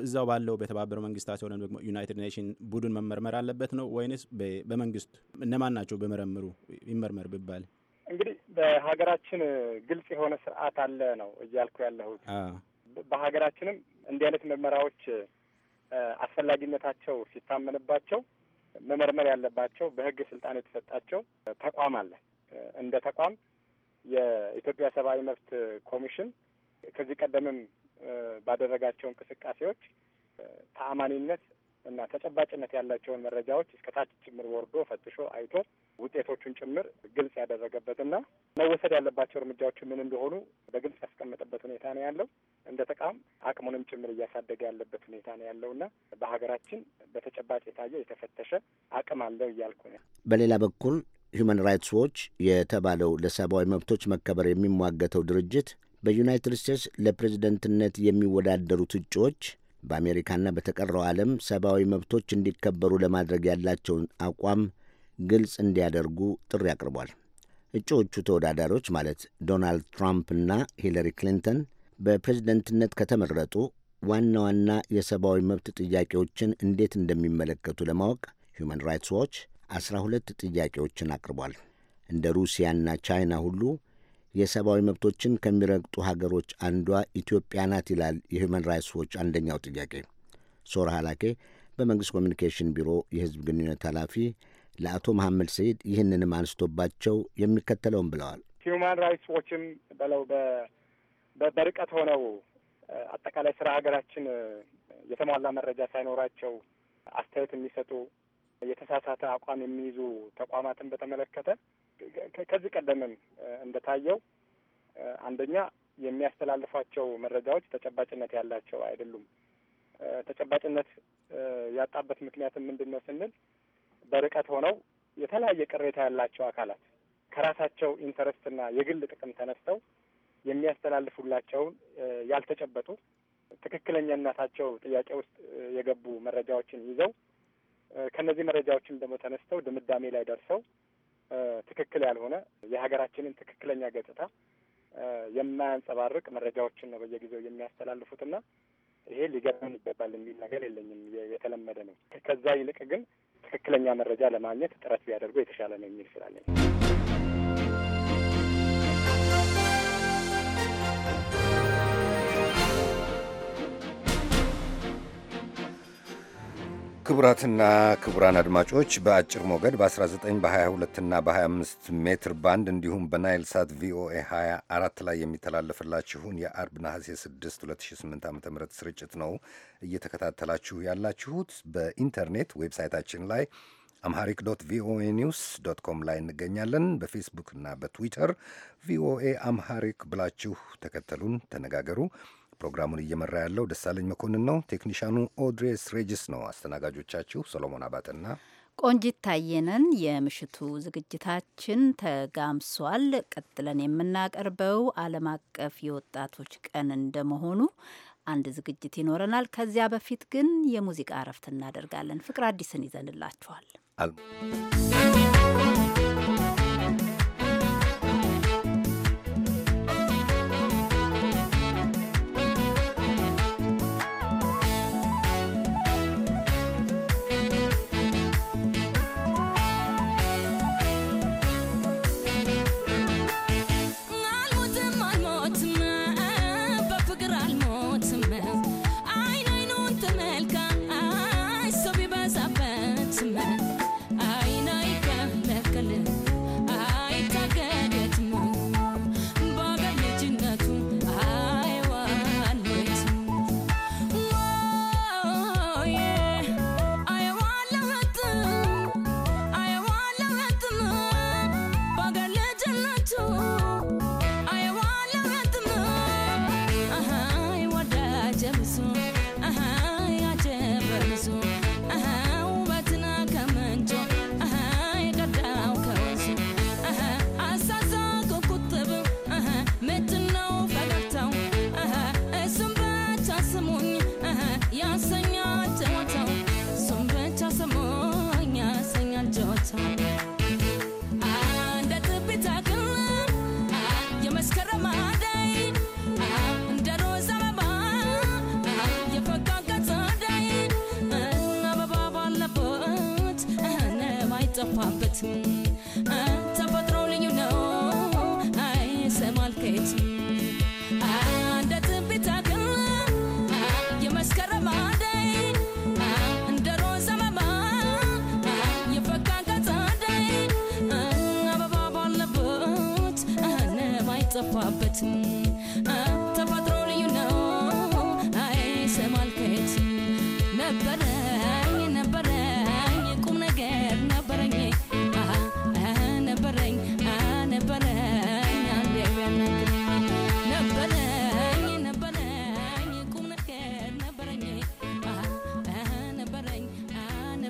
እዛው ባለው በተባበረው መንግስታት ወይም ደግሞ ዩናይትድ ኔሽን ቡድን መመርመር አለበት ነው ወይንስ በመንግስቱ እነማን ናቸው በመረምሩ ይመርመር ብባል በሀገራችን ግልጽ የሆነ ስርዓት አለ ነው እያልኩ ያለሁት። በሀገራችንም እንዲህ አይነት ምርመራዎች አስፈላጊነታቸው ሲታመንባቸው መመርመር ያለባቸው በህግ ስልጣን የተሰጣቸው ተቋም አለ። እንደ ተቋም የኢትዮጵያ ሰብአዊ መብት ኮሚሽን ከዚህ ቀደምም ባደረጋቸው እንቅስቃሴዎች ተአማኒነት እና ተጨባጭነት ያላቸውን መረጃዎች እስከ ታች ጭምር ወርዶ ፈትሾ አይቶ ውጤቶቹን ጭምር ግልጽ ያደረገበትና መወሰድ ያለባቸው እርምጃዎች ምን እንደሆኑ በግልጽ ያስቀመጠበት ሁኔታ ነው ያለው። እንደ ተቋም አቅሙንም ጭምር እያሳደገ ያለበት ሁኔታ ነው ያለውና በሀገራችን በተጨባጭ የታየ የተፈተሸ አቅም አለው እያልኩ ነው። በሌላ በኩል ሁማን ራይትስ ዎች የተባለው ለሰብአዊ መብቶች መከበር የሚሟገተው ድርጅት በዩናይትድ ስቴትስ ለፕሬዝደንትነት የሚወዳደሩት እጩዎች በአሜሪካና በተቀረው ዓለም ሰብአዊ መብቶች እንዲከበሩ ለማድረግ ያላቸውን አቋም ግልጽ እንዲያደርጉ ጥሪ አቅርቧል። እጩዎቹ ተወዳዳሪዎች ማለት ዶናልድ ትራምፕና ሂለሪ ክሊንተን በፕሬዝደንትነት ከተመረጡ ዋና ዋና የሰብአዊ መብት ጥያቄዎችን እንዴት እንደሚመለከቱ ለማወቅ ሁማን ራይትስ ዎች 12 ጥያቄዎችን አቅርቧል። እንደ ሩሲያና ቻይና ሁሉ የሰብአዊ መብቶችን ከሚረግጡ ሀገሮች አንዷ ኢትዮጵያ ናት ይላል የሁማን ራይትስ ዎች አንደኛው ጥያቄ። ሶራ ሀላኬ በመንግሥት ኮሚኒኬሽን ቢሮ የሕዝብ ግንኙነት ኃላፊ ለአቶ መሐመድ ሰይድ ይህንንም አንስቶባቸው የሚከተለውም ብለዋል። ሂውማን ራይትስ ዎችም በለው በርቀት ሆነው አጠቃላይ ስራ ሀገራችን የተሟላ መረጃ ሳይኖራቸው አስተያየት የሚሰጡ የተሳሳተ አቋም የሚይዙ ተቋማትን በተመለከተ ከዚህ ቀደምም እንደታየው አንደኛ የሚያስተላልፏቸው መረጃዎች ተጨባጭነት ያላቸው አይደሉም። ተጨባጭነት ያጣበት ምክንያትም ምንድን ነው ስንል በርቀት ሆነው የተለያየ ቅሬታ ያላቸው አካላት ከራሳቸው ኢንተረስትና የግል ጥቅም ተነስተው የሚያስተላልፉላቸውን ያልተጨበጡ ትክክለኛነታቸው ጥያቄ ውስጥ የገቡ መረጃዎችን ይዘው ከእነዚህ መረጃዎችም ደግሞ ተነስተው ድምዳሜ ላይ ደርሰው ትክክል ያልሆነ የሀገራችንን ትክክለኛ ገጽታ የማያንጸባርቅ መረጃዎችን ነው በየጊዜው የሚያስተላልፉትና ይሄ ሊገርም ይገባል የሚል ነገር የለኝም። የተለመደ ነው። ከዛ ይልቅ ግን ትክክለኛ መረጃ ለማግኘት ጥረት ቢያደርጉ የተሻለ ነው የሚል ስላለኝ ክቡራትና ክቡራን አድማጮች በአጭር ሞገድ በ19 በ22 እና በ25 ሜትር ባንድ እንዲሁም በናይል ሳት ቪኦኤ 24 ላይ የሚተላለፍላችሁን የአርብ ነሐሴ 6 2008 ዓ ም ስርጭት ነው እየተከታተላችሁ ያላችሁት። በኢንተርኔት ዌብሳይታችን ላይ አምሃሪክ ዶት ቪኦኤ ኒውስ ዶት ኮም ላይ እንገኛለን። በፌስቡክ እና በትዊተር ቪኦኤ አምሃሪክ ብላችሁ ተከተሉን፣ ተነጋገሩ። ፕሮግራሙን እየመራ ያለው ደሳለኝ መኮንን ነው። ቴክኒሻኑ ኦድሬስ ሬጅስ ነው። አስተናጋጆቻችሁ ሶሎሞን አባተና ቆንጂት ታየነን። የምሽቱ ዝግጅታችን ተጋምሷል። ቀጥለን የምናቀርበው ዓለም አቀፍ የወጣቶች ቀን እንደመሆኑ አንድ ዝግጅት ይኖረናል። ከዚያ በፊት ግን የሙዚቃ እረፍት እናደርጋለን። ፍቅር አዲስን ይዘንላችኋል።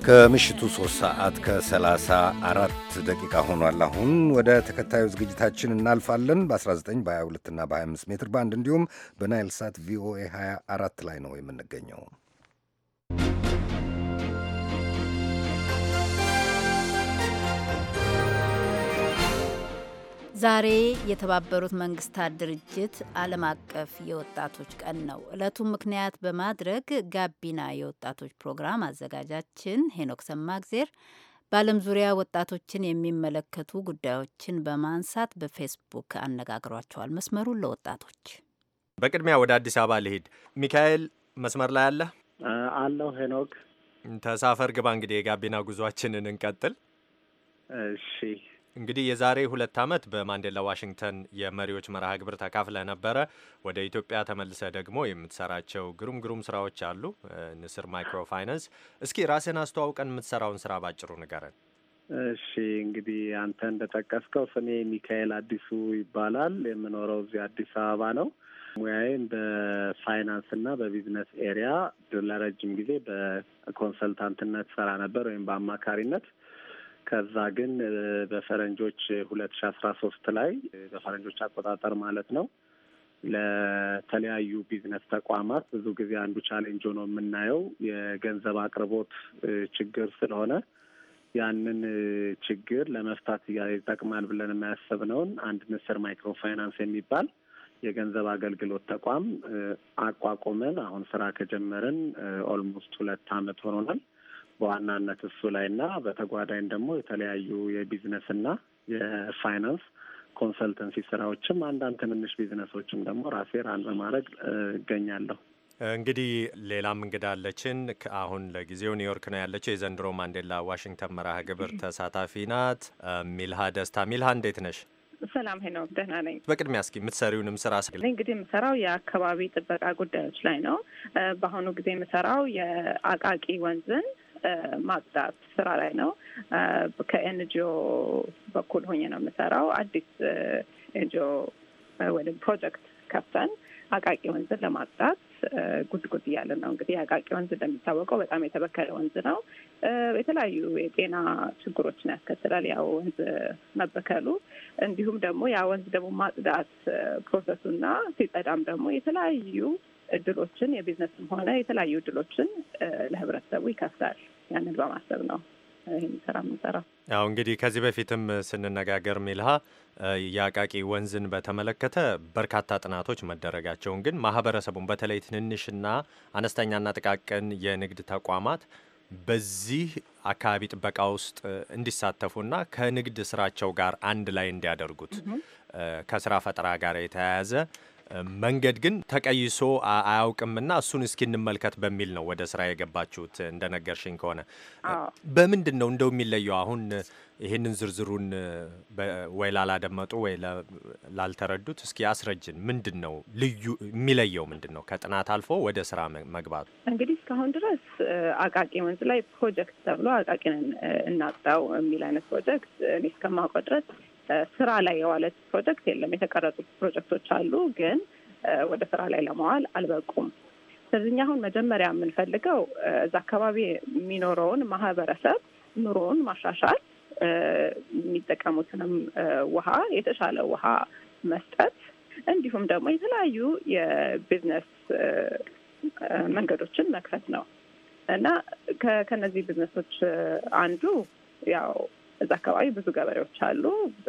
ከምሽቱ 3 ሰዓት ከ34 ደቂቃ ሆኗል። አሁን ወደ ተከታዩ ዝግጅታችን እናልፋለን። በ19 በ22 ና በ25 ሜትር ባንድ እንዲሁም በናይል ሳት ቪኦኤ 24 ላይ ነው የምንገኘው። ዛሬ የተባበሩት መንግስታት ድርጅት ዓለም አቀፍ የወጣቶች ቀን ነው። ዕለቱን ምክንያት በማድረግ ጋቢና የወጣቶች ፕሮግራም አዘጋጃችን ሄኖክ ሰማግዜር በዓለም ዙሪያ ወጣቶችን የሚመለከቱ ጉዳዮችን በማንሳት በፌስቡክ አነጋግሯቸዋል። መስመሩን ለወጣቶች በቅድሚያ ወደ አዲስ አበባ ልሄድ። ሚካኤል መስመር ላይ አለ አለው። ሄኖክ ተሳፈር ግባ። እንግዲህ የጋቢና ጉዟችንን እንቀጥል። እሺ እንግዲህ የዛሬ ሁለት ዓመት በማንዴላ ዋሽንግተን የመሪዎች መርሃ ግብር ተካፍለ ነበረ። ወደ ኢትዮጵያ ተመልሰ ደግሞ የምትሰራቸው ግሩም ግሩም ስራዎች አሉ። ንስር ማይክሮ ፋይናንስ፣ እስኪ ራስን አስተዋውቀን የምትሰራውን ስራ ባጭሩ ንገረን። እሺ እንግዲህ አንተ እንደጠቀስከው ስሜ ሚካኤል አዲሱ ይባላል። የምኖረው እዚህ አዲስ አበባ ነው። ሙያዬም በፋይናንስ እና በቢዝነስ ኤሪያ ለረጅም ጊዜ በኮንሰልታንትነት ሰራ ነበር ወይም በአማካሪነት ከዛ ግን በፈረንጆች ሁለት ሺ አስራ ሶስት ላይ በፈረንጆች አቆጣጠር ማለት ነው ለተለያዩ ቢዝነስ ተቋማት ብዙ ጊዜ አንዱ ቻሌንጅ ሆኖ የምናየው የገንዘብ አቅርቦት ችግር ስለሆነ ያንን ችግር ለመፍታት ይጠቅማል ብለን የማያሰብነውን አንድ ምስር ማይክሮ ፋይናንስ የሚባል የገንዘብ አገልግሎት ተቋም አቋቁመን አሁን ስራ ከጀመርን ኦልሞስት ሁለት አመት ሆኖናል። በዋናነት እሱ ላይ እና በተጓዳኝ ደግሞ የተለያዩ የቢዝነስ እና የፋይናንስ ኮንሰልተንሲ ስራዎችም አንዳንድ ትንንሽ ቢዝነሶችም ደግሞ ራሴ ራን በማድረግ እገኛለሁ። እንግዲህ ሌላም እንግዳ አለችን። አሁን ለጊዜው ኒውዮርክ ነው ያለችው። የዘንድሮ ማንዴላ ዋሽንግተን መርሃ ግብር ተሳታፊ ናት። ሚልሃ ደስታ። ሚልሃ እንዴት ነሽ? ሰላም ሄኖ፣ ደህና ነኝ። በቅድሚያ እስኪ የምትሰሪውንም ስራ እንግዲህ የምሰራው የአካባቢ ጥበቃ ጉዳዮች ላይ ነው። በአሁኑ ጊዜ የምሰራው የአቃቂ ወንዝን ማጽዳት ስራ ላይ ነው። ከኤንጂኦ በኩል ሆኜ ነው የምሰራው። አዲስ ኤንጂኦ ወይም ፕሮጀክት ከፍተን አቃቂ ወንዝን ለማጽዳት ጉድጉድ እያለ ነው። እንግዲህ አቃቂ ወንዝ እንደሚታወቀው በጣም የተበከለ ወንዝ ነው። የተለያዩ የጤና ችግሮችን ያስከትላል ያ ወንዝ መበከሉ። እንዲሁም ደግሞ ያ ወንዝ ደግሞ ማጽዳት ፕሮሰሱና ሲጸዳም ደግሞ የተለያዩ እድሎችን የቢዝነስም ሆነ የተለያዩ እድሎችን ለህብረተሰቡ ይከፍታል። ያንን በማሰብ ነው ይህን ስራ የምንሰራው። ያው እንግዲህ ከዚህ በፊትም ስንነጋገር ሚልሃ የአቃቂ ወንዝን በተመለከተ በርካታ ጥናቶች መደረጋቸውን ግን ማህበረሰቡን በተለይ ትንንሽና አነስተኛና ጥቃቅን የንግድ ተቋማት በዚህ አካባቢ ጥበቃ ውስጥ እንዲሳተፉና ከንግድ ስራቸው ጋር አንድ ላይ እንዲያደርጉት ከስራ ፈጠራ ጋር የተያያዘ መንገድ ግን ተቀይሶ አያውቅምና እሱን እስኪ እንመልከት በሚል ነው ወደ ስራ የገባችሁት። እንደነገርሽኝ ከሆነ በምንድን ነው እንደው የሚለየው? አሁን ይህንን ዝርዝሩን ወይ ላላደመጡ ወይ ላልተረዱት እስኪ አስረጅን። ምንድን ነው ልዩ የሚለየው? ምንድን ነው ከጥናት አልፎ ወደ ስራ መግባቱ? እንግዲህ እስካሁን ድረስ አቃቂ ወንዝ ላይ ፕሮጀክት ተብሎ አቃቂን እናጣው የሚል አይነት ፕሮጀክት እኔ እስከማውቀው ድረስ ስራ ላይ የዋለ ፕሮጀክት የለም። የተቀረጹ ፕሮጀክቶች አሉ፣ ግን ወደ ስራ ላይ ለመዋል አልበቁም። ስለዚህ አሁን መጀመሪያ የምንፈልገው እዛ አካባቢ የሚኖረውን ማህበረሰብ ኑሮውን ማሻሻል፣ የሚጠቀሙትንም ውሃ የተሻለ ውሃ መስጠት፣ እንዲሁም ደግሞ የተለያዩ የቢዝነስ መንገዶችን መክፈት ነው እና ከነዚህ ቢዝነሶች አንዱ ያው እዛ አካባቢ ብዙ ገበሬዎች አሉ።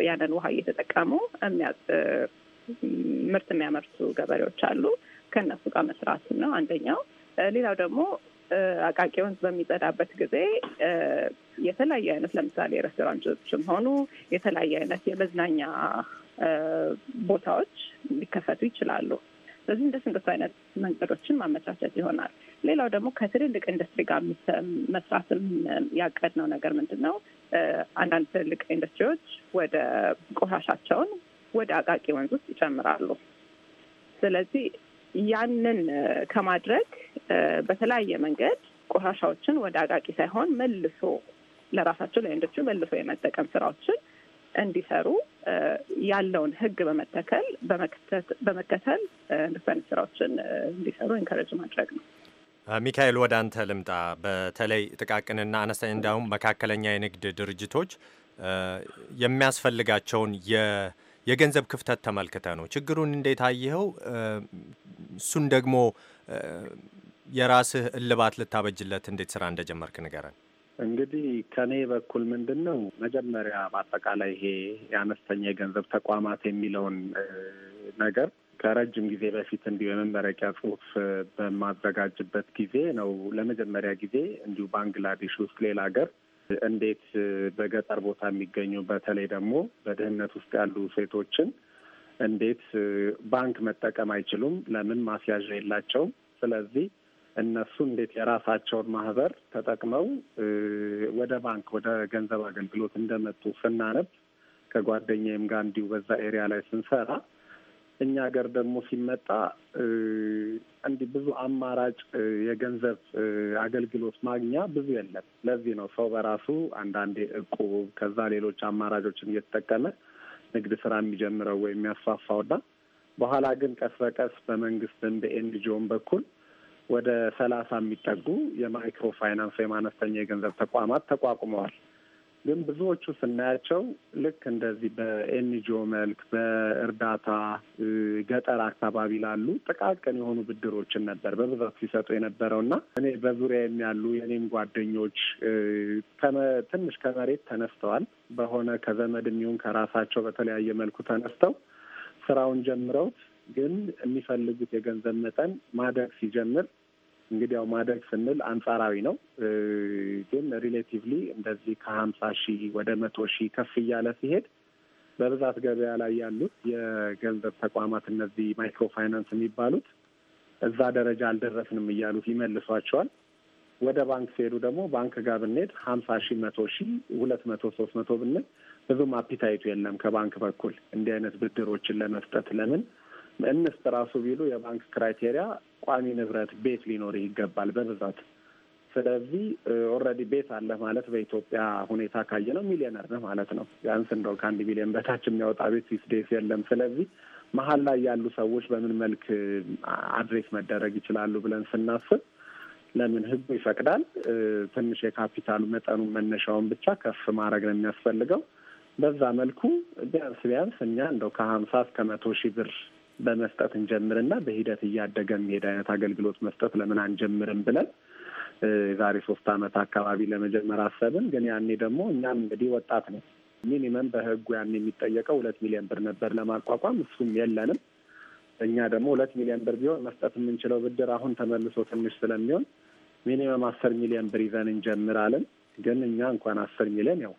ያንን ውሃ እየተጠቀሙ ምርት የሚያመርቱ ገበሬዎች አሉ። ከእነሱ ጋር መስራት ነው አንደኛው። ሌላው ደግሞ አቃቂ ወንዝ በሚጸዳበት ጊዜ የተለያዩ አይነት ለምሳሌ ሬስቶራንቶችም ሆኑ የተለያዩ አይነት የመዝናኛ ቦታዎች ሊከፈቱ ይችላሉ። ስለዚህ እንደ እንደሱ አይነት መንገዶችን ማመቻቸት ይሆናል። ሌላው ደግሞ ከትልልቅ ኢንዱስትሪ ጋር መስራትም ያቀድነው ነገር ምንድን ነው? አንዳንድ ትልልቅ ኢንዱስትሪዎች ወደ ቆሻሻቸውን ወደ አቃቂ ወንዝ ውስጥ ይጨምራሉ። ስለዚህ ያንን ከማድረግ በተለያየ መንገድ ቆሻሻዎችን ወደ አቃቂ ሳይሆን መልሶ ለራሳቸው ለኢንዱስትሪ መልሶ የመጠቀም ስራዎችን እንዲሰሩ ያለውን ሕግ በመተከል በመከተል አይነት ስራዎችን እንዲሰሩ ኢንከረጅ ማድረግ ነው። ሚካኤል ወደ አንተ ልምጣ። በተለይ ጥቃቅንና አነስተኛ እንዲሁም መካከለኛ የንግድ ድርጅቶች የሚያስፈልጋቸውን የገንዘብ ክፍተት ተመልክተ ነው ችግሩን እንዴት አየኸው? እሱን ደግሞ የራስህ እልባት ልታበጅለት እንዴት ስራ እንደጀመርክ ንገረን። እንግዲህ ከኔ በኩል ምንድን ነው መጀመሪያ በአጠቃላይ ይሄ የአነስተኛ የገንዘብ ተቋማት የሚለውን ነገር ከረጅም ጊዜ በፊት እንዲሁ የመመረቂያ ጽሁፍ በማዘጋጅበት ጊዜ ነው ለመጀመሪያ ጊዜ እንዲሁ ባንግላዴሽ ውስጥ ሌላ ሀገር እንዴት በገጠር ቦታ የሚገኙ በተለይ ደግሞ በድህነት ውስጥ ያሉ ሴቶችን እንዴት ባንክ መጠቀም አይችሉም? ለምን ማስያዣ የላቸውም። ስለዚህ እነሱ እንዴት የራሳቸውን ማህበር ተጠቅመው ወደ ባንክ ወደ ገንዘብ አገልግሎት እንደመጡ ስናነብ ከጓደኛዬም ጋር እንዲሁ በዛ ኤሪያ ላይ ስንሰራ እኛ ሀገር ደግሞ ሲመጣ እንዲህ ብዙ አማራጭ የገንዘብ አገልግሎት ማግኛ ብዙ የለም። ለዚህ ነው ሰው በራሱ አንዳንዴ እቁብ፣ ከዛ ሌሎች አማራጮችን እየተጠቀመ ንግድ ስራ የሚጀምረው ወይም የሚያስፋፋውና በኋላ ግን ቀስ በቀስ በመንግስትም በኤንጂኦም በኩል ወደ ሰላሳ የሚጠጉ የማይክሮ ፋይናንስ ወይም አነስተኛ የገንዘብ ተቋማት ተቋቁመዋል። ግን ብዙዎቹ ስናያቸው ልክ እንደዚህ በኤንጂኦ መልክ በእርዳታ ገጠር አካባቢ ላሉ ጥቃቅን የሆኑ ብድሮችን ነበር በብዛት ሲሰጡ የነበረው እና እኔ በዙሪያ ያሉ የኔም ጓደኞች ትንሽ ከመሬት ተነስተዋል በሆነ ከዘመድ የሚሆን ከራሳቸው በተለያየ መልኩ ተነስተው ስራውን ጀምረውት ግን የሚፈልጉት የገንዘብ መጠን ማደግ ሲጀምር እንግዲህ ያው ማደግ ስንል አንጻራዊ ነው፣ ግን ሪሌቲቭሊ እንደዚህ ከሀምሳ ሺህ ወደ መቶ ሺህ ከፍ እያለ ሲሄድ በብዛት ገበያ ላይ ያሉት የገንዘብ ተቋማት እነዚህ ማይክሮ ፋይናንስ የሚባሉት እዛ ደረጃ አልደረስንም እያሉት ይመልሷቸዋል። ወደ ባንክ ሲሄዱ ደግሞ ባንክ ጋር ብንሄድ ሀምሳ ሺህ መቶ ሺህ ሁለት መቶ ሶስት መቶ ብንል ብዙም አፒታይቱ የለም ከባንክ በኩል እንዲህ አይነት ብድሮችን ለመስጠት ለምን እንስት ራሱ ቢሉ የባንክ ክራይቴሪያ ቋሚ ንብረት ቤት ሊኖር ይገባል በብዛት። ስለዚህ ኦልሬዲ ቤት አለ ማለት በኢትዮጵያ ሁኔታ ካየ ነው ሚሊዮነር ነህ ማለት ነው። ቢያንስ እንደው ከአንድ ሚሊዮን በታች የሚያወጣ ቤት ሲስዴስ የለም። ስለዚህ መሀል ላይ ያሉ ሰዎች በምን መልክ አድሬስ መደረግ ይችላሉ ብለን ስናስብ ለምን ህጉ ይፈቅዳል። ትንሽ የካፒታሉ መጠኑን መነሻውን ብቻ ከፍ ማድረግ ነው የሚያስፈልገው። በዛ መልኩ ቢያንስ ቢያንስ እኛ እንደው ከሀምሳ እስከ መቶ ሺህ ብር በመስጠት እንጀምርና በሂደት እያደገ የሚሄድ አይነት አገልግሎት መስጠት ለምን አንጀምርም ብለን የዛሬ ሶስት ዓመት አካባቢ ለመጀመር አሰብን። ግን ያኔ ደግሞ እኛም እንግዲህ ወጣት ነው። ሚኒመም በህጉ ያን የሚጠየቀው ሁለት ሚሊዮን ብር ነበር ለማቋቋም፣ እሱም የለንም። እኛ ደግሞ ሁለት ሚሊዮን ብር ቢሆን መስጠት የምንችለው ብድር አሁን ተመልሶ ትንሽ ስለሚሆን ሚኒመም አስር ሚሊዮን ብር ይዘን እንጀምራለን። ግን እኛ እንኳን አስር ሚሊዮን ያው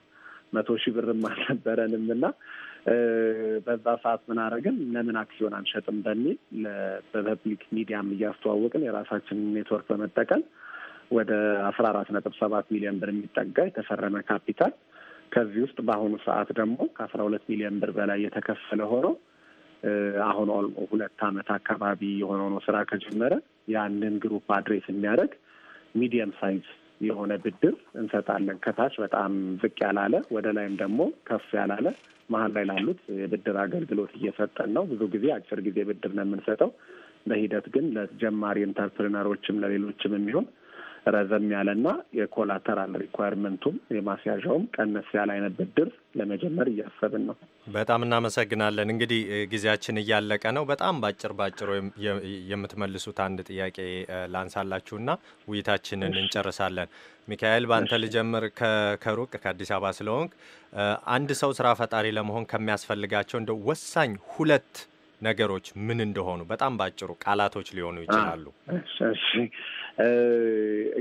መቶ ሺህ ብርም አልነበረንም እና በዛ ሰዓት ምን አደረግን? ለምን አክሲዮን አንሸጥም በሚል በፐብሊክ ሚዲያም እያስተዋወቅን የራሳችንን ኔትወርክ በመጠቀም ወደ አስራ አራት ነጥብ ሰባት ሚሊዮን ብር የሚጠጋ የተፈረመ ካፒታል ከዚህ ውስጥ በአሁኑ ሰዓት ደግሞ ከአስራ ሁለት ሚሊዮን ብር በላይ የተከፈለ ሆኖ አሁን ሁለት አመት አካባቢ የሆነ ሆኖ ስራ ከጀመረ ያንን ግሩፕ አድሬስ የሚያደርግ ሚዲየም ሳይዝ የሆነ ብድር እንሰጣለን። ከታች በጣም ዝቅ ያላለ፣ ወደ ላይም ደግሞ ከፍ ያላለ መሀል ላይ ላሉት የብድር አገልግሎት እየሰጠን ነው። ብዙ ጊዜ አጭር ጊዜ ብድር ነው የምንሰጠው። በሂደት ግን ለጀማሪ ኢንተርፕሪነሮችም ለሌሎችም የሚሆን ረዘም ያለና የኮላተራል ሪኳየርመንቱም የማስያዣውም ቀነስ ያለ አይነት ብድር ለመጀመር እያሰብን ነው። በጣም እናመሰግናለን። እንግዲህ ጊዜያችን እያለቀ ነው። በጣም ባጭር ባጭሩ የምትመልሱት አንድ ጥያቄ ላንሳላችሁና ውይይታችንን እንጨርሳለን። ሚካኤል ባንተ ልጀምር። ከሩቅ ከአዲስ አበባ ስለሆንክ አንድ ሰው ስራ ፈጣሪ ለመሆን ከሚያስፈልጋቸው እንደ ወሳኝ ሁለት ነገሮች ምን እንደሆኑ በጣም ባጭሩ ቃላቶች ሊሆኑ ይችላሉ።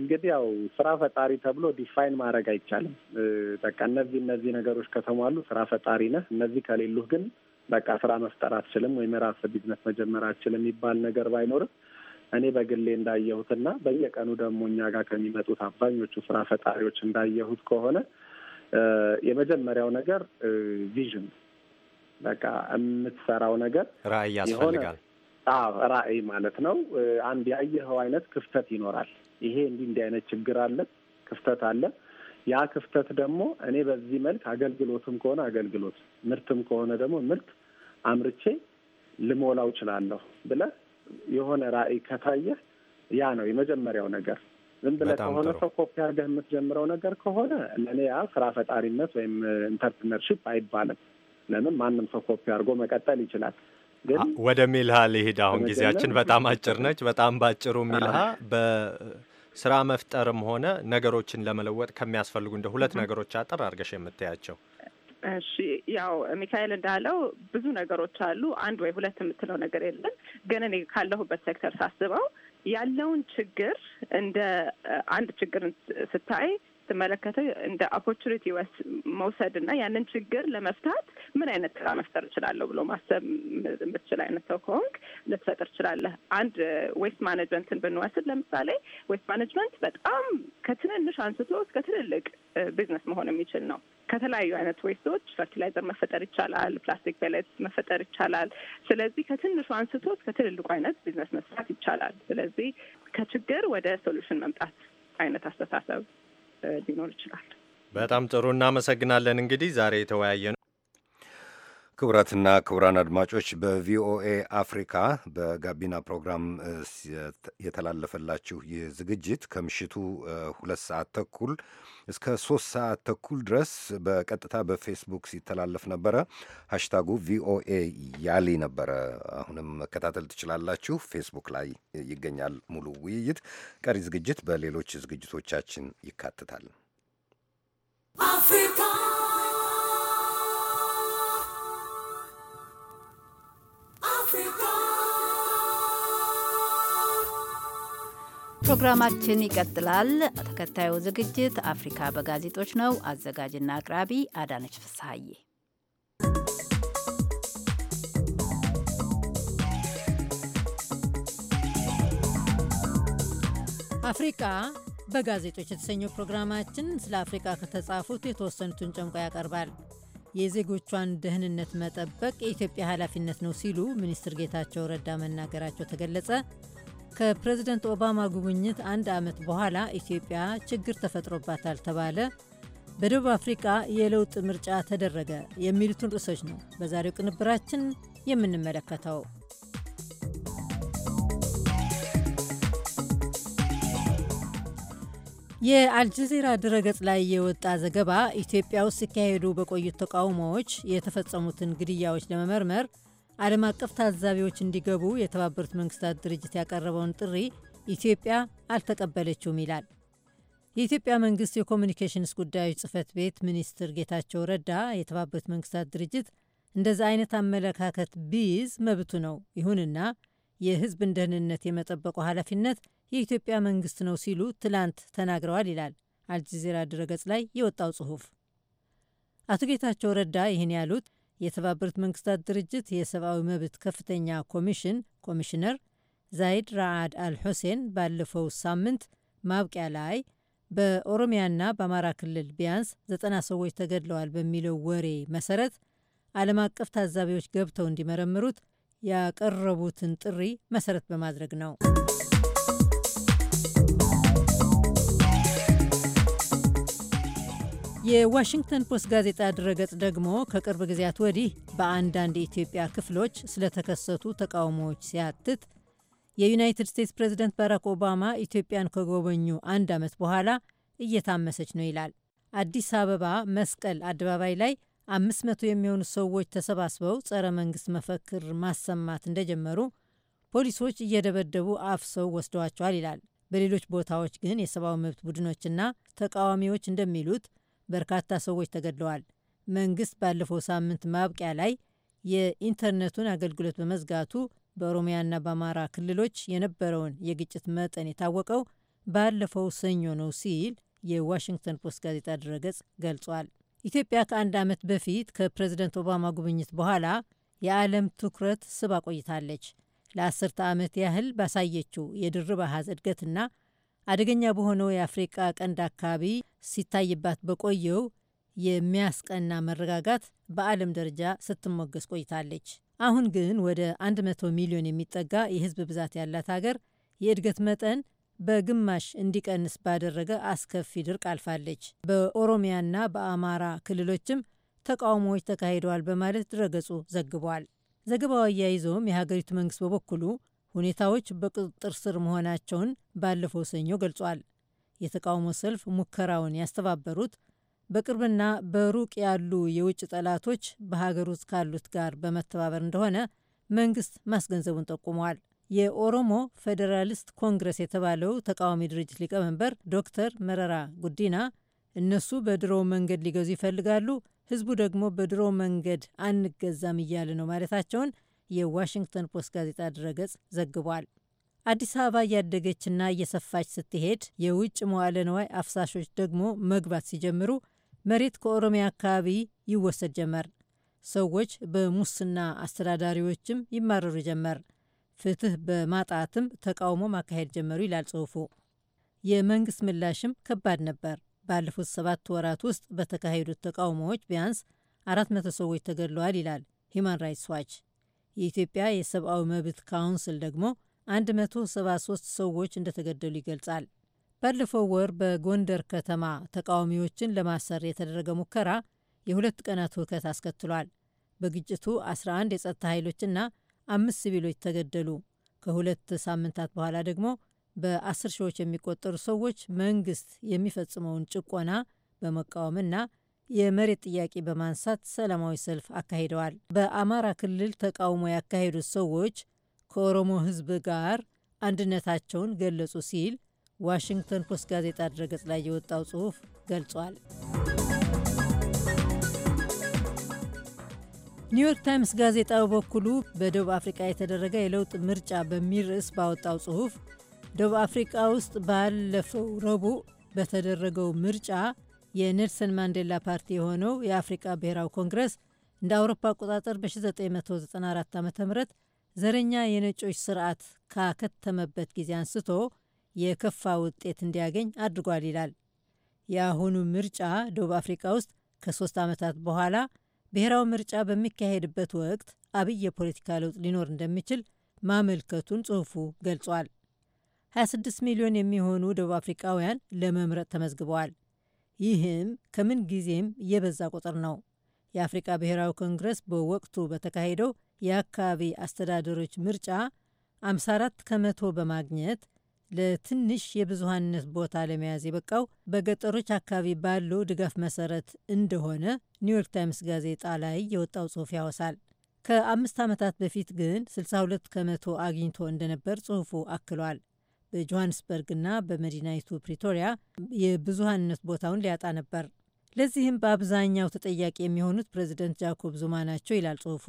እንግዲህ ያው ስራ ፈጣሪ ተብሎ ዲፋይን ማድረግ አይቻልም። በቃ እነዚህ እነዚህ ነገሮች ከተሟሉ ስራ ፈጣሪ ነህ፣ እነዚህ ከሌሉህ ግን በቃ ስራ መፍጠር አትችልም ወይም የራስህ ቢዝነስ መጀመር አትችልም የሚባል ነገር ባይኖርም እኔ በግሌ እንዳየሁትና በየቀኑ ደግሞ እኛ ጋር ከሚመጡት አብዛኞቹ ስራ ፈጣሪዎች እንዳየሁት ከሆነ የመጀመሪያው ነገር ቪዥን በቃ የምትሰራው ነገር ራዕይ ያስፈልጋል። አዎ ራዕይ ማለት ነው። አንድ ያየኸው አይነት ክፍተት ይኖራል። ይሄ እንዲህ እንዲህ አይነት ችግር አለ፣ ክፍተት አለ። ያ ክፍተት ደግሞ እኔ በዚህ መልክ አገልግሎትም ከሆነ አገልግሎት፣ ምርትም ከሆነ ደግሞ ምርት አምርቼ ልሞላው እችላለሁ ብለህ የሆነ ራዕይ ከታየህ ያ ነው የመጀመሪያው ነገር። ዝም ብለህ ከሆነ ሰው ኮፒ አድርገህ የምትጀምረው ነገር ከሆነ ለእኔ ያ ስራ ፈጣሪነት ወይም ኢንተርፕርነርሺፕ አይባልም። አይመስለንም። ማንም ሰው ኮፒ አድርጎ መቀጠል ይችላል። ወደ ሚልሃ ልሂድ። አሁን ጊዜያችን በጣም አጭር ነች። በጣም ባጭሩ ሚልሃ በስራ መፍጠርም ሆነ ነገሮችን ለመለወጥ ከሚያስፈልጉ እንደ ሁለት ነገሮች አጠር አድርገሽ የምታያቸው? እሺ ያው ሚካኤል እንዳለው ብዙ ነገሮች አሉ። አንድ ወይ ሁለት የምትለው ነገር የለም። ግን እኔ ካለሁበት ሴክተር ሳስበው ያለውን ችግር እንደ አንድ ችግር ስታይ ስትመለከተው እንደ ኦፖርቹኒቲ መውሰድ እና ያንን ችግር ለመፍታት ምን አይነት ስራ መፍጠር እችላለሁ ብሎ ማሰብ የምትችል አይነት ሰው ከሆንክ ልትፈጥር እችላለህ። አንድ ዌስት ማኔጅመንትን ብንወስድ ለምሳሌ ዌስት ማኔጅመንት በጣም ከትንንሽ አንስቶ እስከ ትልልቅ ቢዝነስ መሆን የሚችል ነው። ከተለያዩ አይነት ዌስቶች ፈርቲላይዘር መፈጠር ይቻላል። ፕላስቲክ ፔሌትስ መፈጠር ይቻላል። ስለዚህ ከትንሹ አንስቶ እስከ ትልልቁ አይነት ቢዝነስ መስራት ይቻላል። ስለዚህ ከችግር ወደ ሶሉሽን መምጣት አይነት አስተሳሰብ ሊኖር ይችላል። በጣም ጥሩ እናመሰግናለን። እንግዲህ ዛሬ የተወያየ ነው ክቡራትና ክቡራን አድማጮች በቪኦኤ አፍሪካ በጋቢና ፕሮግራም የተላለፈላችሁ ይህ ዝግጅት ከምሽቱ ሁለት ሰዓት ተኩል እስከ ሶስት ሰዓት ተኩል ድረስ በቀጥታ በፌስቡክ ሲተላለፍ ነበረ። ሀሽታጉ ቪኦኤ ያሊ ነበረ። አሁንም መከታተል ትችላላችሁ። ፌስቡክ ላይ ይገኛል ሙሉ ውይይት። ቀሪ ዝግጅት በሌሎች ዝግጅቶቻችን ይካትታል። ፕሮግራማችን ይቀጥላል። ተከታዩ ዝግጅት አፍሪካ በጋዜጦች ነው። አዘጋጅና አቅራቢ አዳነች ፍስሐዬ። አፍሪቃ በጋዜጦች የተሰኘው ፕሮግራማችን ስለ አፍሪቃ ከተጻፉት የተወሰኑትን ጨምቆ ያቀርባል። የዜጎቿን ደህንነት መጠበቅ የኢትዮጵያ ኃላፊነት ነው ሲሉ ሚኒስትር ጌታቸው ረዳ መናገራቸው ተገለጸ። ከፕሬዝደንት ኦባማ ጉብኝት አንድ ዓመት በኋላ ኢትዮጵያ ችግር ተፈጥሮባታል ተባለ፣ በደቡብ አፍሪቃ የለውጥ ምርጫ ተደረገ የሚሉትን ርዕሶች ነው በዛሬው ቅንብራችን የምንመለከተው። የአልጀዚራ ድረገጽ ላይ የወጣ ዘገባ ኢትዮጵያ ውስጥ ሲካሄዱ በቆዩት ተቃውሞዎች የተፈጸሙትን ግድያዎች ለመመርመር ዓለም አቀፍ ታዛቢዎች እንዲገቡ የተባበሩት መንግስታት ድርጅት ያቀረበውን ጥሪ ኢትዮጵያ አልተቀበለችውም ይላል። የኢትዮጵያ መንግስት የኮሚኒኬሽንስ ጉዳዮች ጽህፈት ቤት ሚኒስትር ጌታቸው ረዳ የተባበሩት መንግስታት ድርጅት እንደዛ አይነት አመለካከት ቢይዝ መብቱ ነው፣ ይሁንና የህዝብን ደህንነት የመጠበቁ ኃላፊነት የኢትዮጵያ መንግስት ነው ሲሉ ትላንት ተናግረዋል ይላል አልጀዚራ ድረገጽ ላይ የወጣው ጽሁፍ። አቶ ጌታቸው ረዳ ይህን ያሉት የተባበሩት መንግስታት ድርጅት የሰብአዊ መብት ከፍተኛ ኮሚሽን ኮሚሽነር ዛይድ ራአድ አል ባለፈው ሳምንት ማብቂያ ላይ በኦሮሚያና በአማራ ክልል ቢያንስ ዘጠና ሰዎች ተገድለዋል በሚለው ወሬ መሰረት ዓለም አቀፍ ታዛቢዎች ገብተው እንዲመረምሩት ያቀረቡትን ጥሪ መሰረት በማድረግ ነው። የዋሽንግተን ፖስት ጋዜጣ ድረገጽ ደግሞ ከቅርብ ጊዜያት ወዲህ በአንዳንድ የኢትዮጵያ ክፍሎች ስለተከሰቱ ተቃውሞዎች ሲያትት የዩናይትድ ስቴትስ ፕሬዝደንት ባራክ ኦባማ ኢትዮጵያን ከጎበኙ አንድ ዓመት በኋላ እየታመሰች ነው ይላል። አዲስ አበባ መስቀል አደባባይ ላይ አምስት መቶ የሚሆኑ ሰዎች ተሰባስበው ጸረ መንግስት መፈክር ማሰማት እንደጀመሩ ፖሊሶች እየደበደቡ አፍሰው ወስደዋቸዋል ይላል። በሌሎች ቦታዎች ግን የሰብአዊ መብት ቡድኖችና ተቃዋሚዎች እንደሚሉት በርካታ ሰዎች ተገድለዋል። መንግስት ባለፈው ሳምንት ማብቂያ ላይ የኢንተርኔቱን አገልግሎት በመዝጋቱ በኦሮሚያና በአማራ ክልሎች የነበረውን የግጭት መጠን የታወቀው ባለፈው ሰኞ ነው ሲል የዋሽንግተን ፖስት ጋዜጣ ድረገጽ ገልጿል። ኢትዮጵያ ከአንድ ዓመት በፊት ከፕሬዝደንት ኦባማ ጉብኝት በኋላ የዓለም ትኩረት ስባ ቆይታለች። ለአስርተ ዓመት ያህል ባሳየችው የድርብ አሃዝ እድገትና አደገኛ በሆነው የአፍሪቃ ቀንድ አካባቢ ሲታይባት በቆየው የሚያስቀና መረጋጋት በዓለም ደረጃ ስትሞገስ ቆይታለች። አሁን ግን ወደ 100 ሚሊዮን የሚጠጋ የህዝብ ብዛት ያላት ሀገር የእድገት መጠን በግማሽ እንዲቀንስ ባደረገ አስከፊ ድርቅ አልፋለች። በኦሮሚያና በአማራ ክልሎችም ተቃውሞዎች ተካሂደዋል በማለት ድረገጹ ዘግቧል። ዘገባው አያይዞም የሀገሪቱ መንግስት በበኩሉ ሁኔታዎች በቁጥጥር ስር መሆናቸውን ባለፈው ሰኞ ገልጿል። የተቃውሞ ሰልፍ ሙከራውን ያስተባበሩት በቅርብና በሩቅ ያሉ የውጭ ጠላቶች በሀገር ውስጥ ካሉት ጋር በመተባበር እንደሆነ መንግስት ማስገንዘቡን ጠቁመዋል። የኦሮሞ ፌዴራሊስት ኮንግረስ የተባለው ተቃዋሚ ድርጅት ሊቀመንበር ዶክተር መረራ ጉዲና እነሱ በድሮው መንገድ ሊገዙ ይፈልጋሉ፣ ህዝቡ ደግሞ በድሮው መንገድ አንገዛም እያለ ነው ማለታቸውን የዋሽንግተን ፖስት ጋዜጣ ድረገጽ ዘግቧል። አዲስ አበባ እያደገችና እየሰፋች ስትሄድ የውጭ መዋለ አፍሳሾች ደግሞ መግባት ሲጀምሩ መሬት ከኦሮሚያ አካባቢ ይወሰድ ጀመር። ሰዎች በሙስና አስተዳዳሪዎችም ይማረሩ ጀመር። ፍትህ በማጣትም ተቃውሞ ማካሄድ ጀመሩ ይላል ጽሁፉ የመንግስት ምላሽም ከባድ ነበር። ባለፉት ሰባት ወራት ውስጥ በተካሄዱት ተቃውሞዎች ቢያንስ 400 ሰዎች ተገድለዋል ይላል ሂማን ራይትስ ዋች። የኢትዮጵያ የሰብአዊ መብት ካውንስል ደግሞ 173 ሰዎች እንደተገደሉ ይገልጻል። ባለፈው ወር በጎንደር ከተማ ተቃዋሚዎችን ለማሰር የተደረገ ሙከራ የሁለት ቀናት ውከት አስከትሏል። በግጭቱ 11 የጸጥታ ኃይሎችና አምስት ሲቪሎች ተገደሉ። ከሁለት ሳምንታት በኋላ ደግሞ በአስር ሺዎች የሚቆጠሩ ሰዎች መንግስት የሚፈጽመውን ጭቆና በመቃወምና የመሬት ጥያቄ በማንሳት ሰላማዊ ሰልፍ አካሂደዋል። በአማራ ክልል ተቃውሞ ያካሄዱት ሰዎች ከኦሮሞ ሕዝብ ጋር አንድነታቸውን ገለጹ ሲል ዋሽንግተን ፖስት ጋዜጣ ድረገጽ ላይ የወጣው ጽሑፍ ገልጿል። ኒውዮርክ ታይምስ ጋዜጣ በበኩሉ በደቡብ አፍሪቃ የተደረገ የለውጥ ምርጫ በሚል ርዕስ ባወጣው ጽሑፍ ደቡብ አፍሪቃ ውስጥ ባለፈው ረቡዕ በተደረገው ምርጫ የኔልሰን ማንዴላ ፓርቲ የሆነው የአፍሪቃ ብሔራዊ ኮንግረስ እንደ አውሮፓ አቆጣጠር በ1994 ዓ ም ዘረኛ የነጮች ስርዓት ካከተመበት ጊዜ አንስቶ የከፋ ውጤት እንዲያገኝ አድርጓል ይላል። የአሁኑ ምርጫ ደቡብ አፍሪቃ ውስጥ ከሶስት ዓመታት በኋላ ብሔራዊ ምርጫ በሚካሄድበት ወቅት አብይ የፖለቲካ ለውጥ ሊኖር እንደሚችል ማመልከቱን ጽሑፉ ገልጿል። 26 ሚሊዮን የሚሆኑ ደቡብ አፍሪቃውያን ለመምረጥ ተመዝግበዋል። ይህም ከምን ጊዜም የበዛ ቁጥር ነው። የአፍሪቃ ብሔራዊ ኮንግረስ በወቅቱ በተካሄደው የአካባቢ አስተዳደሮች ምርጫ 54 ከመቶ በማግኘት ለትንሽ የብዙሃንነት ቦታ ለመያዝ የበቃው በገጠሮች አካባቢ ባለው ድጋፍ መሰረት እንደሆነ ኒውዮርክ ታይምስ ጋዜጣ ላይ የወጣው ጽሑፍ ያወሳል። ከአምስት ዓመታት በፊት ግን 62 ከመቶ አግኝቶ እንደነበር ጽሑፉ አክሏል። በጆሃንስበርግና በመዲናይቱ ፕሪቶሪያ የብዙሃንነት ቦታውን ሊያጣ ነበር። ለዚህም በአብዛኛው ተጠያቂ የሚሆኑት ፕሬዚደንት ጃኮብ ዙማ ናቸው ይላል ጽሁፉ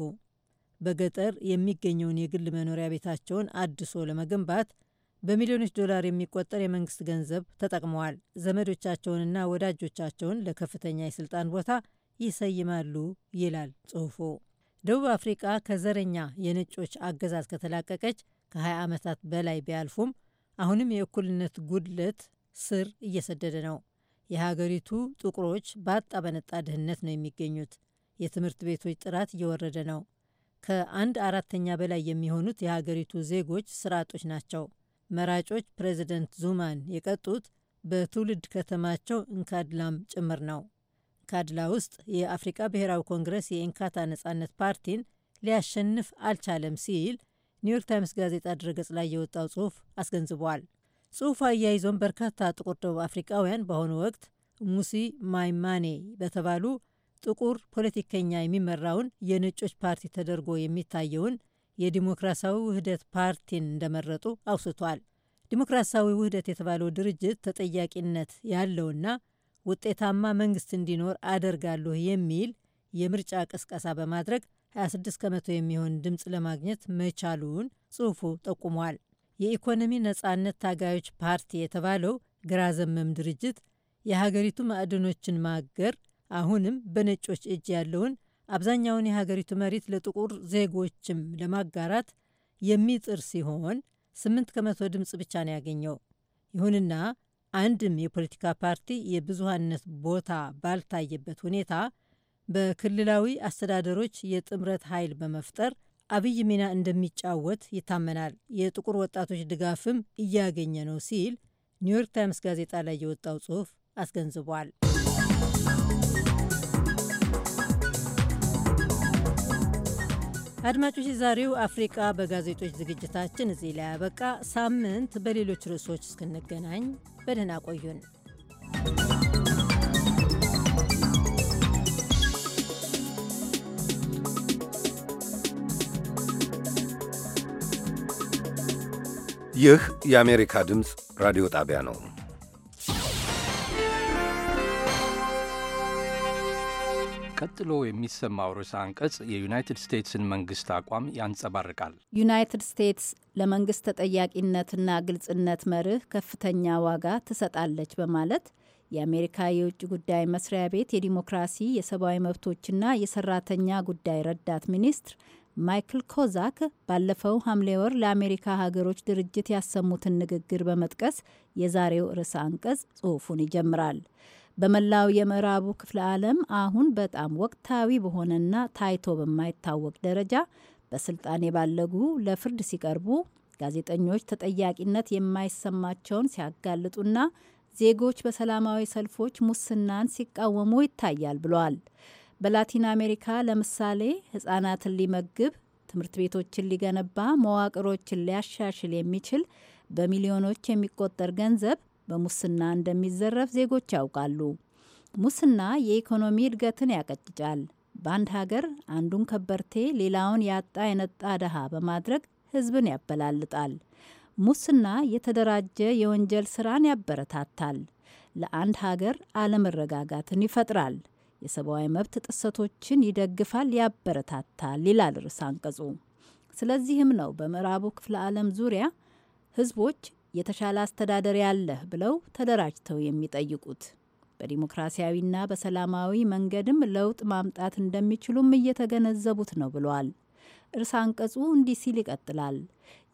በገጠር የሚገኘውን የግል መኖሪያ ቤታቸውን አድሶ ለመገንባት በሚሊዮኖች ዶላር የሚቆጠር የመንግስት ገንዘብ ተጠቅመዋል። ዘመዶቻቸውንና ወዳጆቻቸውን ለከፍተኛ የስልጣን ቦታ ይሰይማሉ ይላል ጽሁፉ ደቡብ አፍሪቃ ከዘረኛ የነጮች አገዛዝ ከተላቀቀች ከ20 ዓመታት በላይ ቢያልፉም አሁንም የእኩልነት ጉድለት ስር እየሰደደ ነው። የሀገሪቱ ጥቁሮች ባጣ በነጣ ድህነት ነው የሚገኙት። የትምህርት ቤቶች ጥራት እየወረደ ነው። ከአንድ አራተኛ በላይ የሚሆኑት የሀገሪቱ ዜጎች ስራ አጦች ናቸው። መራጮች ፕሬዚደንት ዙማን የቀጡት በትውልድ ከተማቸው እንካድላም ጭምር ነው። እንካድላ ውስጥ የአፍሪቃ ብሔራዊ ኮንግረስ የኢንካታ ነጻነት ፓርቲን ሊያሸንፍ አልቻለም ሲል ኒውዮርክ ታይምስ ጋዜጣ ድረገጽ ላይ የወጣው ጽሑፍ አስገንዝበዋል። ጽሑፉ አያይዞም በርካታ ጥቁር ደቡብ አፍሪቃውያን በአሁኑ ወቅት ሙሲ ማይማኔ በተባሉ ጥቁር ፖለቲከኛ የሚመራውን የነጮች ፓርቲ ተደርጎ የሚታየውን የዲሞክራሲያዊ ውህደት ፓርቲን እንደመረጡ አውስቷል። ዲሞክራሲያዊ ውህደት የተባለው ድርጅት ተጠያቂነት ያለውና ውጤታማ መንግስት እንዲኖር አደርጋለሁ የሚል የምርጫ ቅስቀሳ በማድረግ 26 ከመቶ የሚሆን ድምፅ ለማግኘት መቻሉን ጽሑፉ ጠቁሟል። የኢኮኖሚ ነጻነት ታጋዮች ፓርቲ የተባለው ግራ ዘመም ድርጅት የሀገሪቱ ማዕድኖችን ማገር አሁንም በነጮች እጅ ያለውን አብዛኛውን የሀገሪቱ መሬት ለጥቁር ዜጎችም ለማጋራት የሚጥር ሲሆን ስምንት ከመቶ ድምፅ ብቻ ነው ያገኘው። ይሁንና አንድም የፖለቲካ ፓርቲ የብዙሃንነት ቦታ ባልታየበት ሁኔታ በክልላዊ አስተዳደሮች የጥምረት ኃይል በመፍጠር አብይ ሚና እንደሚጫወት ይታመናል። የጥቁር ወጣቶች ድጋፍም እያገኘ ነው ሲል ኒውዮርክ ታይምስ ጋዜጣ ላይ የወጣው ጽሑፍ አስገንዝቧል። አድማጮች፣ የዛሬው አፍሪቃ በጋዜጦች ዝግጅታችን እዚህ ላይ ያበቃ። ሳምንት በሌሎች ርዕሶች እስክንገናኝ በደህና ቆዩን። ይህ የአሜሪካ ድምፅ ራዲዮ ጣቢያ ነው። ቀጥሎ የሚሰማው ርዕሰ አንቀጽ የዩናይትድ ስቴትስን መንግስት አቋም ያንጸባርቃል። ዩናይትድ ስቴትስ ለመንግስት ተጠያቂነትና ግልጽነት መርህ ከፍተኛ ዋጋ ትሰጣለች በማለት የአሜሪካ የውጭ ጉዳይ መስሪያ ቤት የዲሞክራሲ የሰብአዊ መብቶችና የሰራተኛ ጉዳይ ረዳት ሚኒስትር ማይክል ኮዛክ ባለፈው ሐምሌ ወር ለአሜሪካ ሀገሮች ድርጅት ያሰሙትን ንግግር በመጥቀስ የዛሬው ርዕሰ አንቀጽ ጽሑፉን ይጀምራል። በመላው የምዕራቡ ክፍለ ዓለም አሁን በጣም ወቅታዊ በሆነና ታይቶ በማይታወቅ ደረጃ በስልጣን የባለጉ ለፍርድ ሲቀርቡ ጋዜጠኞች ተጠያቂነት የማይሰማቸውን ሲያጋልጡና ዜጎች በሰላማዊ ሰልፎች ሙስናን ሲቃወሙ ይታያል ብሏል። በላቲን አሜሪካ ለምሳሌ ህጻናትን ሊመግብ፣ ትምህርት ቤቶችን ሊገነባ፣ መዋቅሮችን ሊያሻሽል የሚችል በሚሊዮኖች የሚቆጠር ገንዘብ በሙስና እንደሚዘረፍ ዜጎች ያውቃሉ። ሙስና የኢኮኖሚ እድገትን ያቀጭጫል። በአንድ ሀገር አንዱን ከበርቴ ሌላውን ያጣ የነጣ ደሃ በማድረግ ህዝብን ያበላልጣል። ሙስና የተደራጀ የወንጀል ስራን ያበረታታል። ለአንድ ሀገር አለመረጋጋትን ይፈጥራል። የሰብአዊ መብት ጥሰቶችን ይደግፋል፣ ያበረታታል ይላል ርዕስ አንቀጹ። ስለዚህም ነው በምዕራቡ ክፍለ ዓለም ዙሪያ ህዝቦች የተሻለ አስተዳደር ያለህ ብለው ተደራጅተው የሚጠይቁት። በዲሞክራሲያዊና በሰላማዊ መንገድም ለውጥ ማምጣት እንደሚችሉም እየተገነዘቡት ነው ብሏል። እርሳ አንቀጹ እንዲህ ሲል ይቀጥላል።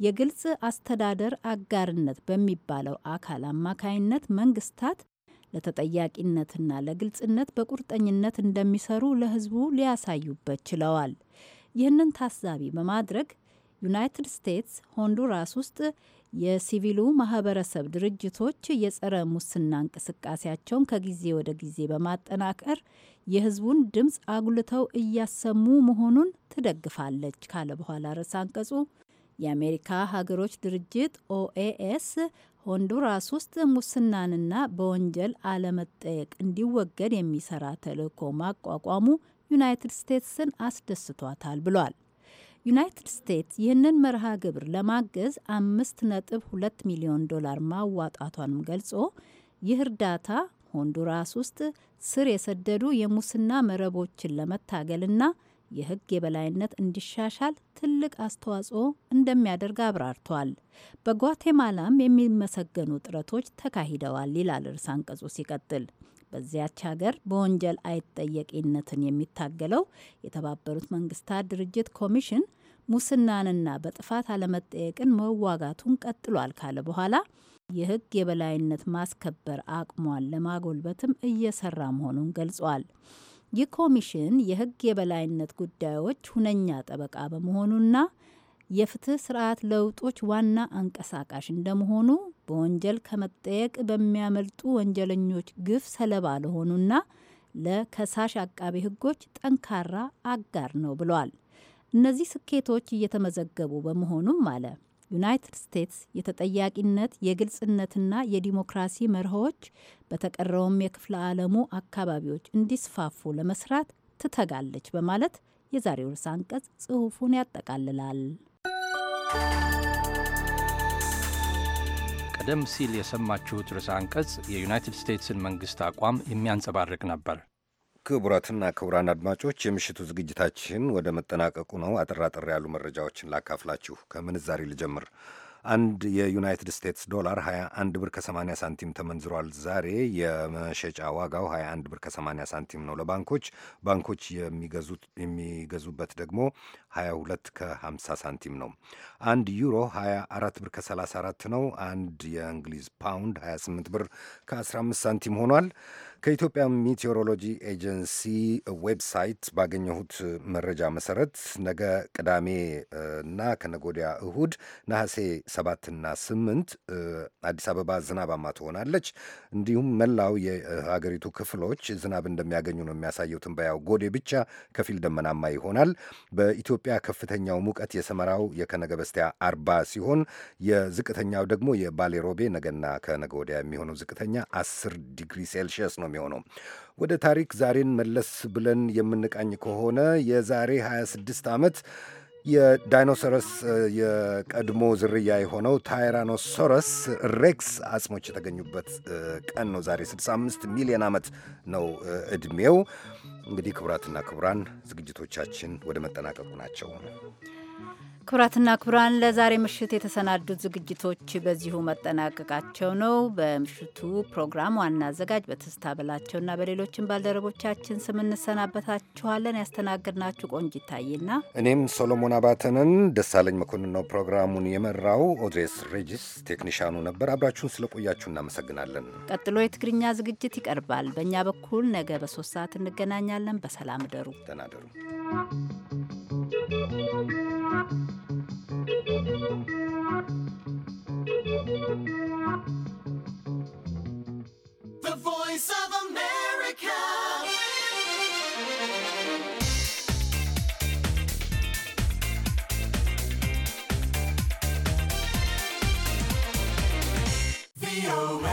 የግልጽ አስተዳደር አጋርነት በሚባለው አካል አማካይነት መንግስታት ለተጠያቂነትና ለግልጽነት በቁርጠኝነት እንደሚሰሩ ለህዝቡ ሊያሳዩበት ችለዋል። ይህንን ታሳቢ በማድረግ ዩናይትድ ስቴትስ ሆንዱራስ ውስጥ የሲቪሉ ማህበረሰብ ድርጅቶች የጸረ ሙስና እንቅስቃሴያቸውን ከጊዜ ወደ ጊዜ በማጠናከር የህዝቡን ድምፅ አጉልተው እያሰሙ መሆኑን ትደግፋለች ካለ በኋላ ርዕሰ አንቀጹ የአሜሪካ ሀገሮች ድርጅት ኦኤኤስ ሆንዱራስ ውስጥ ሙስናንና በወንጀል አለመጠየቅ እንዲወገድ የሚሰራ ተልእኮ ማቋቋሙ ዩናይትድ ስቴትስን አስደስቷታል ብሏል። ዩናይትድ ስቴትስ ይህንን መርሃ ግብር ለማገዝ አምስት ነጥብ ሁለት ሚሊዮን ዶላር ማዋጣቷንም ገልጾ ይህ እርዳታ ሆንዱራስ ውስጥ ስር የሰደዱ የሙስና መረቦችን ለመታገልና የህግ የበላይነት እንዲሻሻል ትልቅ አስተዋጽኦ እንደሚያደርግ አብራርቷል። በጓቴማላም የሚመሰገኑ ጥረቶች ተካሂደዋል ይላል ርዕሰ አንቀጹ ሲቀጥል በዚያች ሀገር በወንጀል አይጠየቂነትን የሚታገለው የተባበሩት መንግስታት ድርጅት ኮሚሽን ሙስናንና በጥፋት አለመጠየቅን መዋጋቱን ቀጥሏል ካለ በኋላ የህግ የበላይነት ማስከበር አቅሟን ለማጎልበትም እየሰራ መሆኑን ገልጿል። ይህ ኮሚሽን የህግ የበላይነት ጉዳዮች ሁነኛ ጠበቃ በመሆኑና የፍትህ ስርዓት ለውጦች ዋና አንቀሳቃሽ እንደመሆኑ በወንጀል ከመጠየቅ በሚያመልጡ ወንጀለኞች ግፍ ሰለባ ለሆኑና ለከሳሽ አቃቤ ህጎች ጠንካራ አጋር ነው ብሏል። እነዚህ ስኬቶች እየተመዘገቡ በመሆኑም አለ ዩናይትድ ስቴትስ የተጠያቂነት የግልጽነትና የዲሞክራሲ መርሆዎች በተቀረውም የክፍለ ዓለሙ አካባቢዎች እንዲስፋፉ ለመስራት ትተጋለች በማለት የዛሬው ርዕሰ አንቀጽ ጽሑፉን ያጠቃልላል። ቀደም ሲል የሰማችሁት ርዕሰ አንቀጽ የዩናይትድ ስቴትስን መንግስት አቋም የሚያንጸባርቅ ነበር። ክቡራትና ክቡራን አድማጮች የምሽቱ ዝግጅታችን ወደ መጠናቀቁ ነው። አጥራጥር ያሉ መረጃዎችን ላካፍላችሁ። ከምንዛሪ ልጀምር። አንድ የዩናይትድ ስቴትስ ዶላር 21 ብር ከ80 ሳንቲም ተመንዝሯል። ዛሬ የመሸጫ ዋጋው 21 ብር ከ80 ሳንቲም ነው። ለባንኮች ባንኮች የሚገዙበት ደግሞ 22 ከ50 ሳንቲም ነው። አንድ ዩሮ 24 ብር ከ34 ነው። አንድ የእንግሊዝ ፓውንድ 28 ብር ከ15 ሳንቲም ሆኗል። ከኢትዮጵያ ሚቴዎሮሎጂ ኤጀንሲ ዌብሳይት ባገኘሁት መረጃ መሰረት ነገ ቅዳሜ እና ከነጎዲያ እሁድ ነሐሴ 7ና 8 አዲስ አበባ ዝናባማ ትሆናለች። እንዲሁም መላው የሀገሪቱ ክፍሎች ዝናብ እንደሚያገኙ ነው የሚያሳየው ትንበያው። ጎዴ ብቻ ከፊል ደመናማ ይሆናል። በኢትዮ ኢትዮጵያ ከፍተኛው ሙቀት የሰመራው የከነገ በስቲያ አርባ ሲሆን የዝቅተኛው ደግሞ የባሌ ሮቤ ነገና ከነገ ወዲያ የሚሆነው ዝቅተኛ አስር ዲግሪ ሴልሺየስ ነው የሚሆነው። ወደ ታሪክ ዛሬን መለስ ብለን የምንቃኝ ከሆነ የዛሬ 26 ዓመት የዳይኖሰረስ የቀድሞ ዝርያ የሆነው ታይራኖሶረስ ሬክስ አጽሞች የተገኙበት ቀን ነው። ዛሬ 65 ሚሊዮን ዓመት ነው ዕድሜው። እንግዲህ ክቡራትና ክቡራን ዝግጅቶቻችን ወደ መጠናቀቁ ናቸው። ክቡራትና ክቡራን ለዛሬ ምሽት የተሰናዱት ዝግጅቶች በዚሁ መጠናቀቃቸው ነው። በምሽቱ ፕሮግራም ዋና አዘጋጅ በትስታ በላቸውና በሌሎችን ባልደረቦቻችን ስም እንሰናበታችኋለን። ያስተናግድናችሁ ቆንጅ ይታይና እኔም ሶሎሞን አባተንን ደሳለኝ መኮንን ነው ፕሮግራሙን የመራው። ኦድሬስ ሬጂስ ቴክኒሻኑ ነበር። አብራችሁን ስለቆያችሁ እናመሰግናለን። ቀጥሎ የትግርኛ ዝግጅት ይቀርባል። በእኛ በኩል ነገ በሶስት ሰዓት እንገናኛለን። በሰላም ደናደሩ Thank you. away.